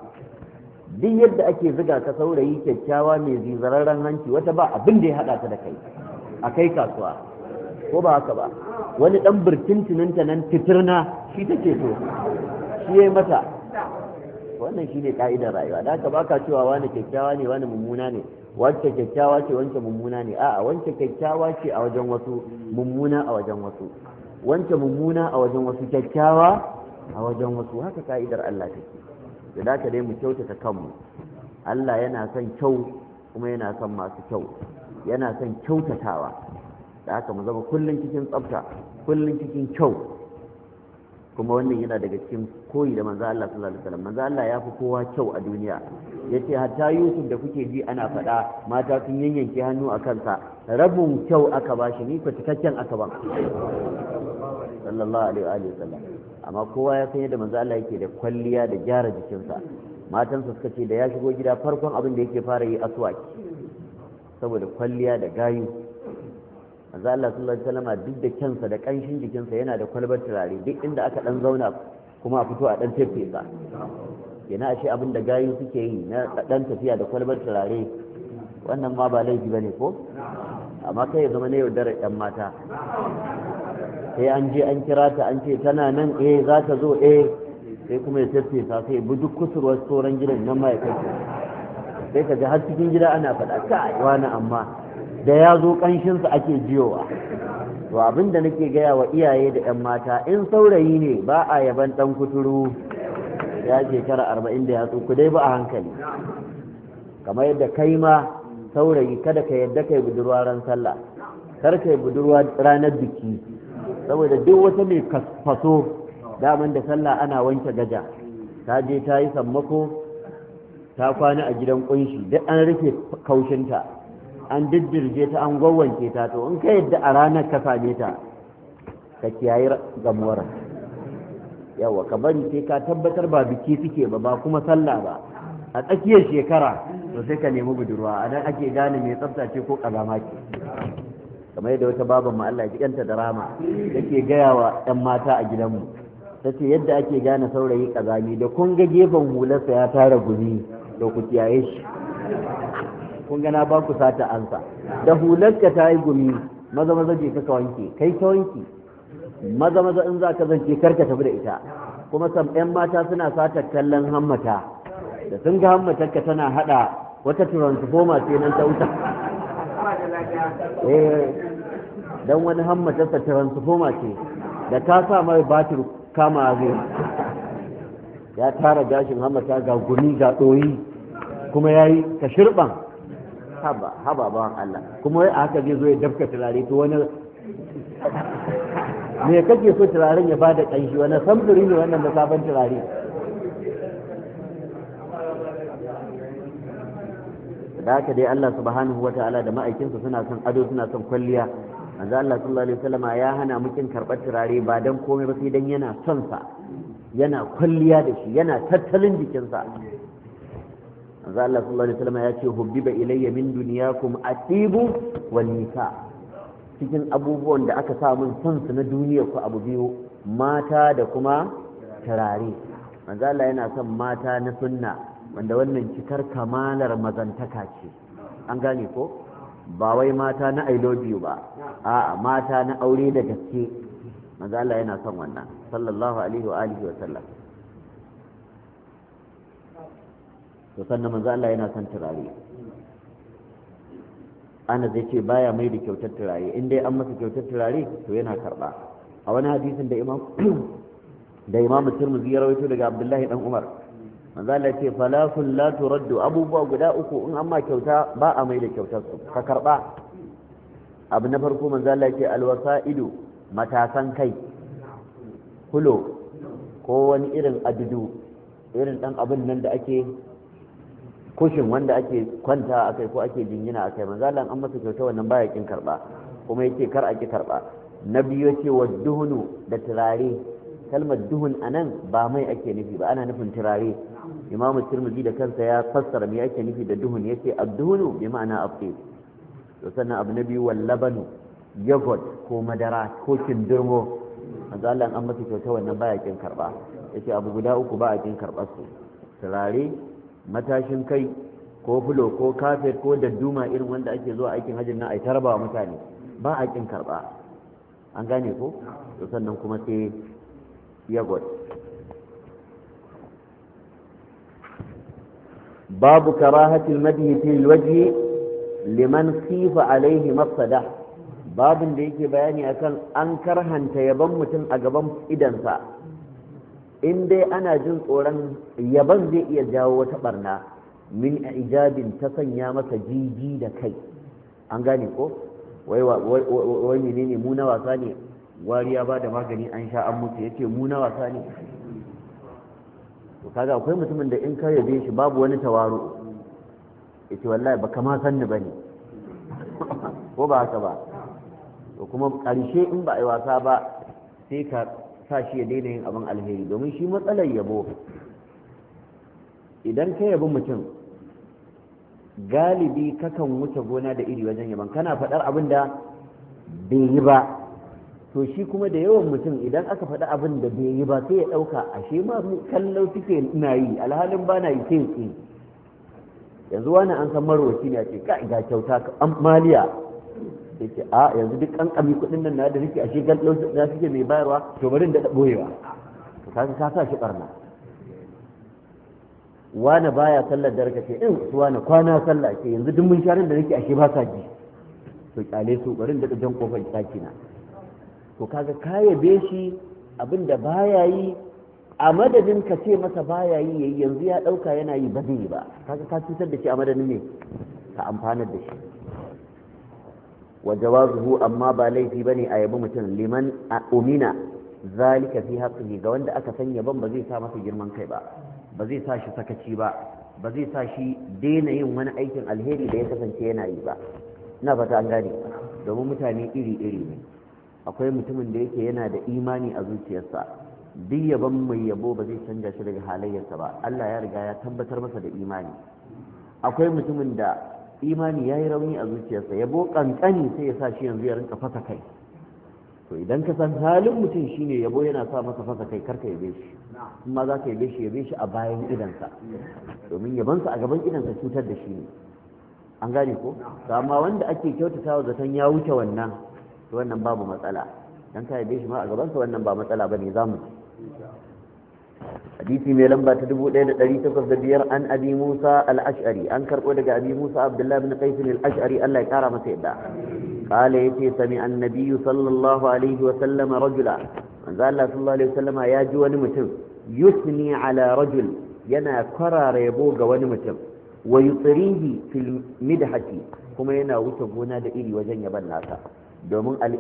duk yadda ake zuga ka saurayi kyakkyawa mai zizararren hanci wata ba abin da ya haɗa ta da kai a kai kasuwa ko ba haka ba wani dan birtintininta nan fitirna shi take so shi yayi mata wannan shine ka'idar rayuwa da haka baka cewa wani kyakkyawa ne wani mummuna ne wacce kyakkyawa ce wacce mummuna ne a'a wacce kyakkyawa ce a wajen wasu mummuna a wajen wasu wacce mummuna a wajen wasu kyakkyawa a wajen wasu haka ka'idar Allah take da haka dai mu kyautata kanmu Allah yana son kyau kuma yana son masu kyau yana son kyautatawa da haka mu zama kullum cikin tsafta kullum cikin kyau kuma wannan yana daga cikin koyi da manzo Allah sallallahu alaihi wasallam manzo Allah ya fi kowa kyau a duniya yace hatta Yusuf da kuke ji ana faɗa mata sun yanyanke hannu a kansa rabin kyau aka ba shi ni ko cikakken aka ba sallallahu alaihi wa sallam amma kowa ya san yadda manzo Allah yake da kwalliya da gyara jikinsa matansa suka ce da ya shigo gida farkon abin da yake fara yi aswaki saboda kwalliya da gayu manzo Allah sallallahu alaihi wasallam duk da kansa da kanshin jikinsa yana da kwalbar turare duk inda aka ɗan zauna kuma a fito a dan tefesa yana ashe abin da gayu suke yi na dan tafiya da kwalbar turare wannan ma ba laifi bane ko amma kai ya zama na dare ɗan mata sai an je an kira ta an ce tana nan eh za ta zo eh sai kuma ya tefesa sai bi duk kusurwar tsoron gidan nan ma ya sai ka ga har cikin gida ana faɗa kai wani amma da ya zo ƙanshinsa ake jiyowa to abin da nake gaya wa iyaye da 'yan mata in saurayi ne ba a yaban ɗan kuturu ya shekara arba'in da ya ku dai ba a hankali kamar yadda kai ma saurayi kada ka yadda kai budurwa ran sallah kar kai budurwa ranar biki saboda duk wata mai faso daman da sallah ana wanke gaja ta je ta yi sammako ta kwana a gidan kunshi duk an rufe kaushinta an diddirje ta an gwawwanke ta to in ka yadda a ranar ka same ta ka kiyaye gamuwar yawa ka bari sai ka tabbatar ba biki suke ba ba kuma sallah ba a tsakiyar shekara to sai ka nemi budurwa a nan ake gane mai tsafta ce ko kazama ke kamar yadda wata baban mu Allah ya kanta da rama yake gaya wa ɗan mata a gidanmu ta ce yadda ake gane saurayi kazami da kun ga gefen hularsa ya tara gumi da ku kiyaye shi kun gana ba ku sata ansa da hularka ta yi gumi maza maza je ka wanke kai ka wanke maza maza in za ka zance karka tafi da ita kuma sam ɗan mata suna sata kallon hammata da sun ga hammatarka tana hada wata transformer ce nan ta wuta eh dan wani hammatarsa transformer ce da ka sa mai batir kama zai ya tara gashin hammata ga gumi ga ɗoyi kuma ya yi ka shirban. haba haba bawan Allah kuma wai a haka zai zo ya dafka turare to wani me kake so turaren ya bada kanshi wani samfuri ne wannan da sabon turare da haka dai Allah subhanahu wa ta'ala da ma'aikinsa suna son ado suna son kwalliya manzo Allah sallallahu alaihi wasallama ya hana mukin karbar turare ba dan komai ba sai dan yana son sa yana kwalliya da shi yana tattalin jikinsa manzo Allah sallallahu alaihi wasallam ya ce hubbiba ilayya min dunyakum atibu wan nisa cikin abubuwan da aka sa mun son su na duniyar ku abu biyu mata da kuma turare manzo Allah yana son mata na sunna wanda wannan cikar kamalar mazantaka ce an gane ko ba wai mata na I ba a'a mata na aure da gaske manzo Allah yana son wannan sallallahu alaihi wa alihi wa sallam to sannan manzo Allah yana son turare ana zai ce baya mai da kyautar turare in dai an masa kyautar turare to yana karba a wani hadisin da imam [coughs] da imam Tirmidhi rawaito daga Abdullahi dan Umar manzo Allah ce falafun la turaddu abubuwa guda uku in an ma kyauta ba a mai da kyautar su ka karba abu na farko manzo Allah ya ce alwasa'idu matasan kai Kulo ko wani irin adudu irin dan abin nan da ake kushin wanda ake kwanta akai ko ake jingina akai manzo Allah an masa kyauta wannan baya kin karba kuma yake kar a ki karba na biyu yace wa duhunu da turare kalmar duhun anan ba mai ake nufi ba ana nufin turare imamu tirmidhi da kansa ya fassara me ake nufi da duhun yace ad-duhunu bi ma'ana afqi to sannan abu na biyu wallabanu yogurt ko madara ko kindirmo manzo Allah an masa kyauta wannan baya kin karba yace abu guda uku ba a kin karbar su turare matashin kai ko fulo ko kafet ko dadduma irin wanda ake zuwa aikin hajji na a tarba mutane ba a kin karba an gane ko to sannan kuma sai yagot babu karahatil madhi fi alwajhi liman khifa alaihi mafsada babin da yake bayani akan an karhanta yaban mutum a gaban idansa in dai ana jin tsoron yaban zai iya jawo wata barna min ijabin ta sanya masa jiji da kai an gane ko wai ne mu na wasa ne wariya ba da magani an sha an mutu yace mu na wasa ne kaga akwai mutumin da in kare bai shi babu wani tawaro ce wallahi baka ma san ni ne, ko ba haka ba to kuma karshe in ba yi wasa ba sai ka sa shi ya daina yin abin alheri domin shi matsalar yabo idan ka yabi mutum galibi kakan wuce gona da iri wajen yaban kana faɗar abin da bai yi ba to shi kuma da yawan mutum idan aka faɗa abin da bai yi ba sai ya ɗauka ashe ma kallo suke na yi alhalin ba na yi sai yanzu wani an san marwaci ne a ce ga kyauta maliya sai ce a yanzu duk kankami kuɗin nan na da nake a shegar na suke mai bayarwa to bari da boyewa to kaga ka sa shi barna wani baya sallar da ce in su wani kwana sallah ke yanzu duk mun sharin da nake ashe ba sa ji to kyale su bari da jan kofar saki na to kaga ka yabe shi abinda baya yi a madadin ka ce masa baya yi yayi yanzu ya dauka yana yi ba zai yi ba kaga ka cutar da shi a madadin ne ka amfanar da shi wa jawazuhu amma ba laifi bane a yabi mutum liman umina zalika fi haqqihi ga wanda aka sanya ban ba zai sa masa girman kai ba ba zai sa shi sakaci ba ba zai sa shi daina yin wani aikin alheri da ya kasance yana yi ba ina fata an gane domin mutane iri-iri ne akwai mutumin da yake yana da imani a zuciyarsa duk yaban mai yabo ba zai canja shi daga halayyarsa ba Allah ya riga ya tabbatar masa da imani akwai mutumin da imani ya yi rauni a zuciyarsa yabo kankani sai ya sa shi yanzu ya rinka fasa kai to idan ka san halin mutum shi ne yabo yana sa masa fasa kai karka yabe shi ma za ka yabe shi yabe shi a bayan idansa domin yabansa a gaban idansa cutar da shi ne an gane ko amma wanda ake kyautatawa zaton ya wuce wannan to wannan babu matsala dan ka yabe shi ma a gabansa wannan ba matsala bane zamu hadisi mai lamba ta 1805 an abi musa al-ash'ari an karbo daga abi musa abdullahi bin qais al-ash'ari Allah ya kara masa yadda قال يتي سمع النبي صلى الله عليه وسلم رجلا من ذا الله صلى الله عليه وسلم يا جواني متم يثني على رجل ينا قرار يبوغ واني متم ويطريه في المدحة كما ينا وتبونا لإلي وجن يبناتا domin al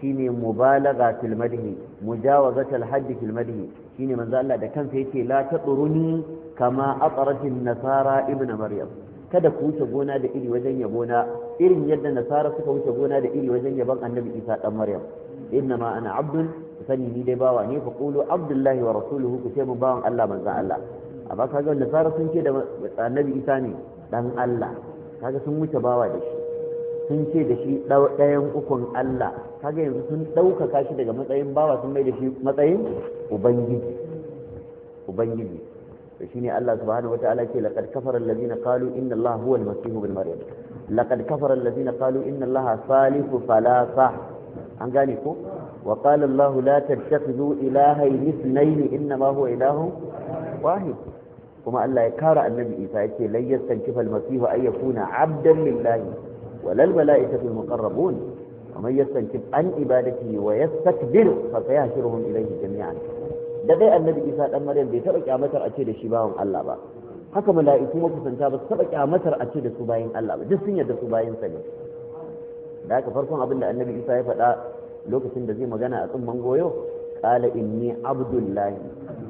shine mubalaga filmadihi. madhi mujawazat filmadihi. Shi ne shine manzo Allah da kansa yake la taduruni kama atratin nasara ibn maryam kada ku wuce gona da iri wajen yabo irin yadda nasara suka wuce gona da iri wajen yaban annabi isa dan maryam inna ma ana abdun sani ni dai bawa ne fa qulu abdullahi wa rasuluhu ku ce mu bawan Allah manzo Allah amma kaga nasara sun ce da annabi isa ne dan Allah kaga sun wuce bawa da shi sun ce da shi ɗayan ukun Allah kaga yanzu sun ɗaukaka shi daga matsayin bawa sun mai da shi matsayin ubangiji ubangiji Da shi ne Allah subhanahu wataala ce, laqad kafara allazina qalu inna Allah huwa al-masih ibn maryam laqad kafara allazina qalu inna Allah salihu Falasa. an gane ko wa qala Allah la tattakhidhu ilahayn ithnayn inna ma huwa ilahu wahid kuma Allah ya kara annabi Isa yace lan yastankifa al-masih ay yakuna abdan lillahi ولا الملائكة المقربون ومن يستنكب عن عبادته ويستكبر فسيهجرهم إليه جميعا دقي النبي إساء المريم بيترك عمتر أشير شباهم الله با حكى ملائكة مكسن كابت سبك عمتر أشير سباهم الله با جسنية سباهم سنة ذاك فرصان أظن النبي إساء آه. فلا لوك سندزي مغانا أكون منغويو قال إني عبد الله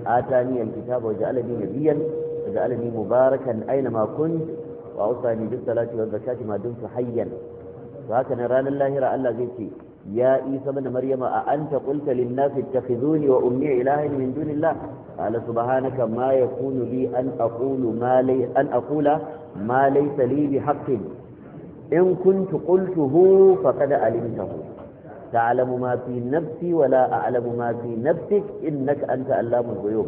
آتاني الكتاب وجعلني نبيا وجعلني مباركا أينما كنت wa ausani bis salati wa zakati ma dumtu hayyan to haka ranar lahira Allah zai ce ya Isa ibn Maryama a anta qulta lin nasi ittakhizuni wa ummi ilahin min dunillah qala subhanaka ma yakunu li an aqulu ma lay an aqula ma laysa li bihaqqin in kuntu qultuhu faqad alimtahu تعلم ما wala a ولا أعلم ما في نفسك إنك أنت علام الغيوب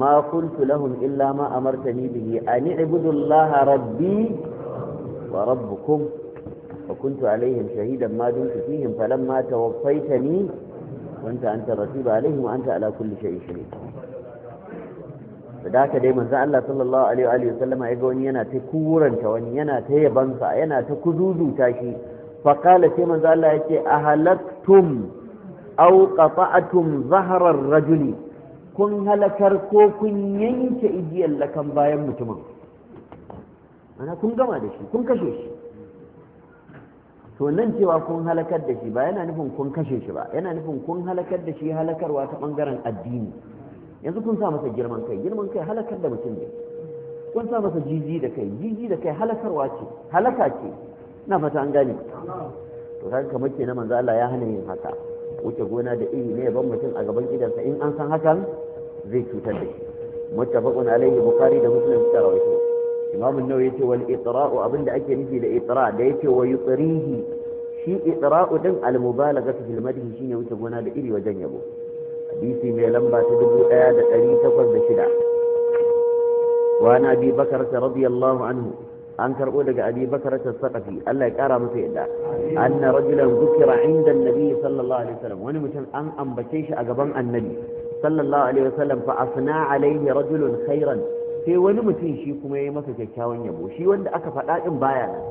ما قلت لهم إلا ما أمرتني به أن اعبدوا الله ربي وربكم وكنت عليهم شهيدا ما دمت فيهم فلما توفيتني وانت أنت الرتيب عليهم وأنت على كل شيء شهيد da haka dai manzo Allah sallallahu alaihi wa sallam ya ga wani yana ta kuranta wani yana ta yabansa yana ta kuzuzuta tashi. fa qala sai manzo Allah yace rajuli kun halakar ko kun yanke igiyar lakan bayan mutumin ana kun gama da shi kun kashe shi to nan cewa kun halakar da shi ba yana nufin kun kashe shi ba yana nufin kun halakar da shi halakarwa ta bangaren addini yanzu kun sa masa girman kai girman kai halakar da mutum ne kun sa masa jiji da kai jiji da kai halakarwa ce halaka ce na fata an gane to kaga kamar kenan manzo Allah ya hana yin haka wuce gona da iri ne ban mutum a gaban gidansa in an san hakan zai cutar da shi muttafaqun alaihi bukhari da muslim suka rawaito imam an-nawawi yace wal itra'u abinda ake nufi da itra da yace wa yutrihi shi itra'u din al-mubalaghatu fil madhi shine wuce gona da iri wajen yabo hadisi mai lamba ta 1806 wa nabi bakar radiyallahu anhu an karbo daga abi bakar as-saqafi Allah ya kara masa yadda anna rajulan zukira inda annabi sallallahu alaihi wasallam wani mutum an ambace shi a gaban annabi sallallahu alaihi wasallam fa asna alaihi rajulun khairan sai wani mutum shi kuma yayi masa kyakkyawan yabo shi wanda aka faɗa ɗin baya nan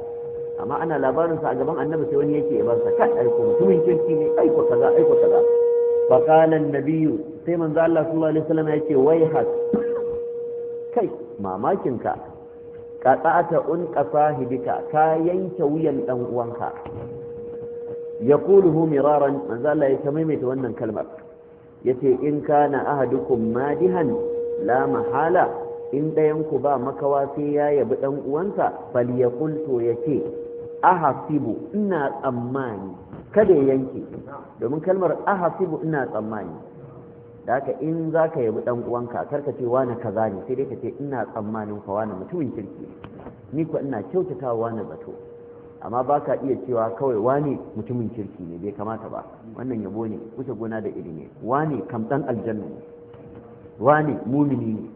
amma ana labarin sa a gaban annabi sai wani yake yabar sa kai aiko mutumin kirki ne aiko kaza aiko kaza fa qala an sai manzo Allah sallallahu alaihi wasallam yake wai kai mamakin ka qata'ata ta sahibika ka yanke wuyan ɗan uwanka yaquluhu miraran manzo Allah ya maimaita wannan kalmar yace in kana ahadukum madihan la mahala in dayan ku ba makawa sai ya yabi ɗan uwansa ya to yace ahasibu ina tsammani kada ya yanke domin kalmar ahasibu ina tsammani da haka in za ka yabi ɗan uwanka karka ce wani kaza ne sai dai ka ce ina tsammanin fa wani mutumin kirki ni ko ina wa wani zato amma ba ka iya cewa kawai wani mutumin kirki ne bai kamata ba wannan yabo ne wuce gona da iri ne wani kamɗan aljanna ne wani mumini ne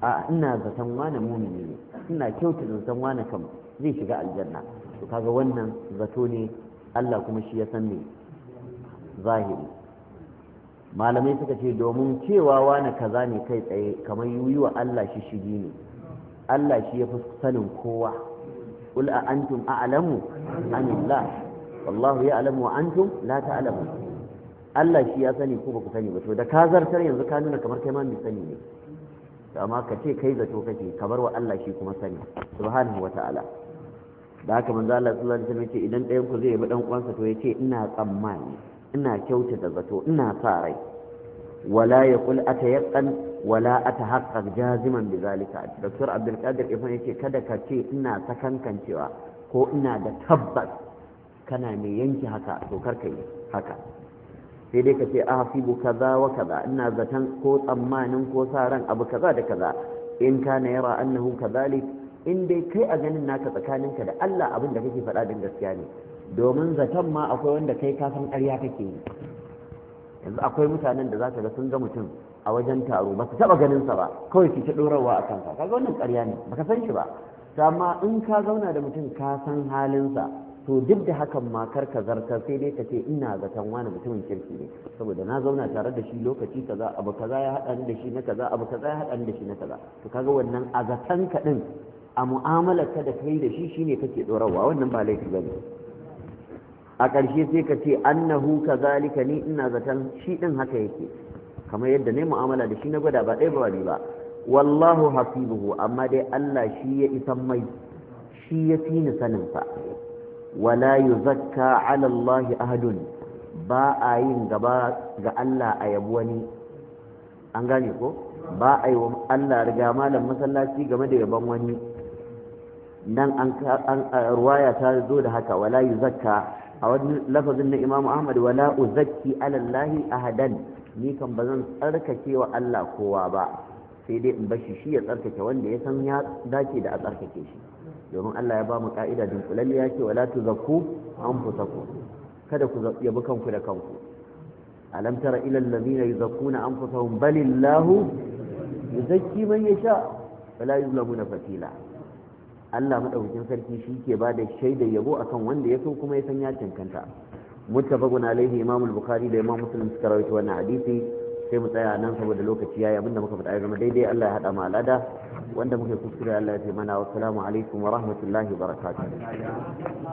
a ina zaton wani mumini ne ina kyautata zaton wani kam zai shiga aljanna to kaga wannan zato ne Allah kuma shi ya san me zahiri malamai suka ce domin cewa wani kaza ne kai tsaye kamar yiwuwa Allah shi shigi ne Allah shi ya fi sanin kowa qul a antum a'lamu amillah wallahu ya'lamu wa antum la ta'lamun Allah shi ya sani ko ba sani ba to da ka zartar yanzu ka nuna kamar kai ma mai sani ne amma ka ce kai zato kake kamar wa Allah shi kuma sani subhanahu wa ta'ala. da haka manzo Allah sallallahu alaihi wasallam ce idan ɗayan ku zai yi dan uwansa to ya ce ina tsammani ina kyautata zato ina sa rai wala yaqul atayaqqan wala atahaqqaq jaziman bizalika Dr. Abdul Qadir Ibn yake kada ka ce ina sakankancewa ko ina da tabbas kana mai yanke haka to karka yi haka sai dai ka ce a ah, hasibu kaza wa kaza ina zaton ko tsammanin ko sa ran abu kaza da kaza in kana yara annahu kazali in dai kai a ganin naka tsakaninka da Allah abin da kake faɗa din gaskiya ne domin zaton ma akwai wanda kai ka san ƙarya kake yi yanzu akwai mutanen da za ka ga sun ga mutum a wajen taro ba su taɓa ganin sa ba kawai su ta ɗorarwa a kanka kaga wannan ƙarya ne baka san shi ba amma in ka zauna da mutum ka san halinsa to duk da hakan ma kar ka zarta sai dai ka ce ina zaton wani mutumin kirki ne saboda na zauna tare da shi lokaci kaza abu kaza ya haɗa ni da shi na kaza abu kaza ya haɗa ni da shi na kaza to kaga wannan a zaton ka din a mu'amalar ka da kai da shi shine kake ɗorarwa wannan ba laifi bane a ƙarshe sai ka ce annahu kazalika ni ina zaton shi din haka yake kamar yadda ne mu'amala da shi na gwada ba ɗaya ba ba wallahu hafizuhu amma dai Allah shi ya isan mai shi ya fi ni sanin sa wala yuzakka ala Allah ahadun ba a yin gaba ga Allah a yabu wani an gane ko ba a yi wa Allah riga malam masallaci game da yaban wani nan an ruwaya ta zo da haka wala yuzakka a wani lafazin na imamu ahmad wala uzakki alallahi ahadan ni kan ba zan tsarkake wa allah kowa ba sai dai in bashi shi ya tsarkake wanda ya san ya dace da a tsarkake shi domin allah ya ba mu ka'ida dunkulalli ya ce wala tuzakku anfusakum kada ku yabi kanku da kanku alam tara ila allazina yuzakkuna anfusahum balillahu yuzakki man yasha wala yuzlamuna fatila Allah madaukakin sarki shi ke ba da shaida yabo akan wanda ya so kuma ya san ya cancanta muttafaqun alaihi imam al-bukhari da imam muslim suka rawaito wannan hadisi sai mu tsaya nan saboda lokaci yayi abinda muka faɗa ya zama daidai Allah ya hada mu alada wanda muke kuskure Allah ya taimana wa assalamu alaikum wa rahmatullahi wa barakatuh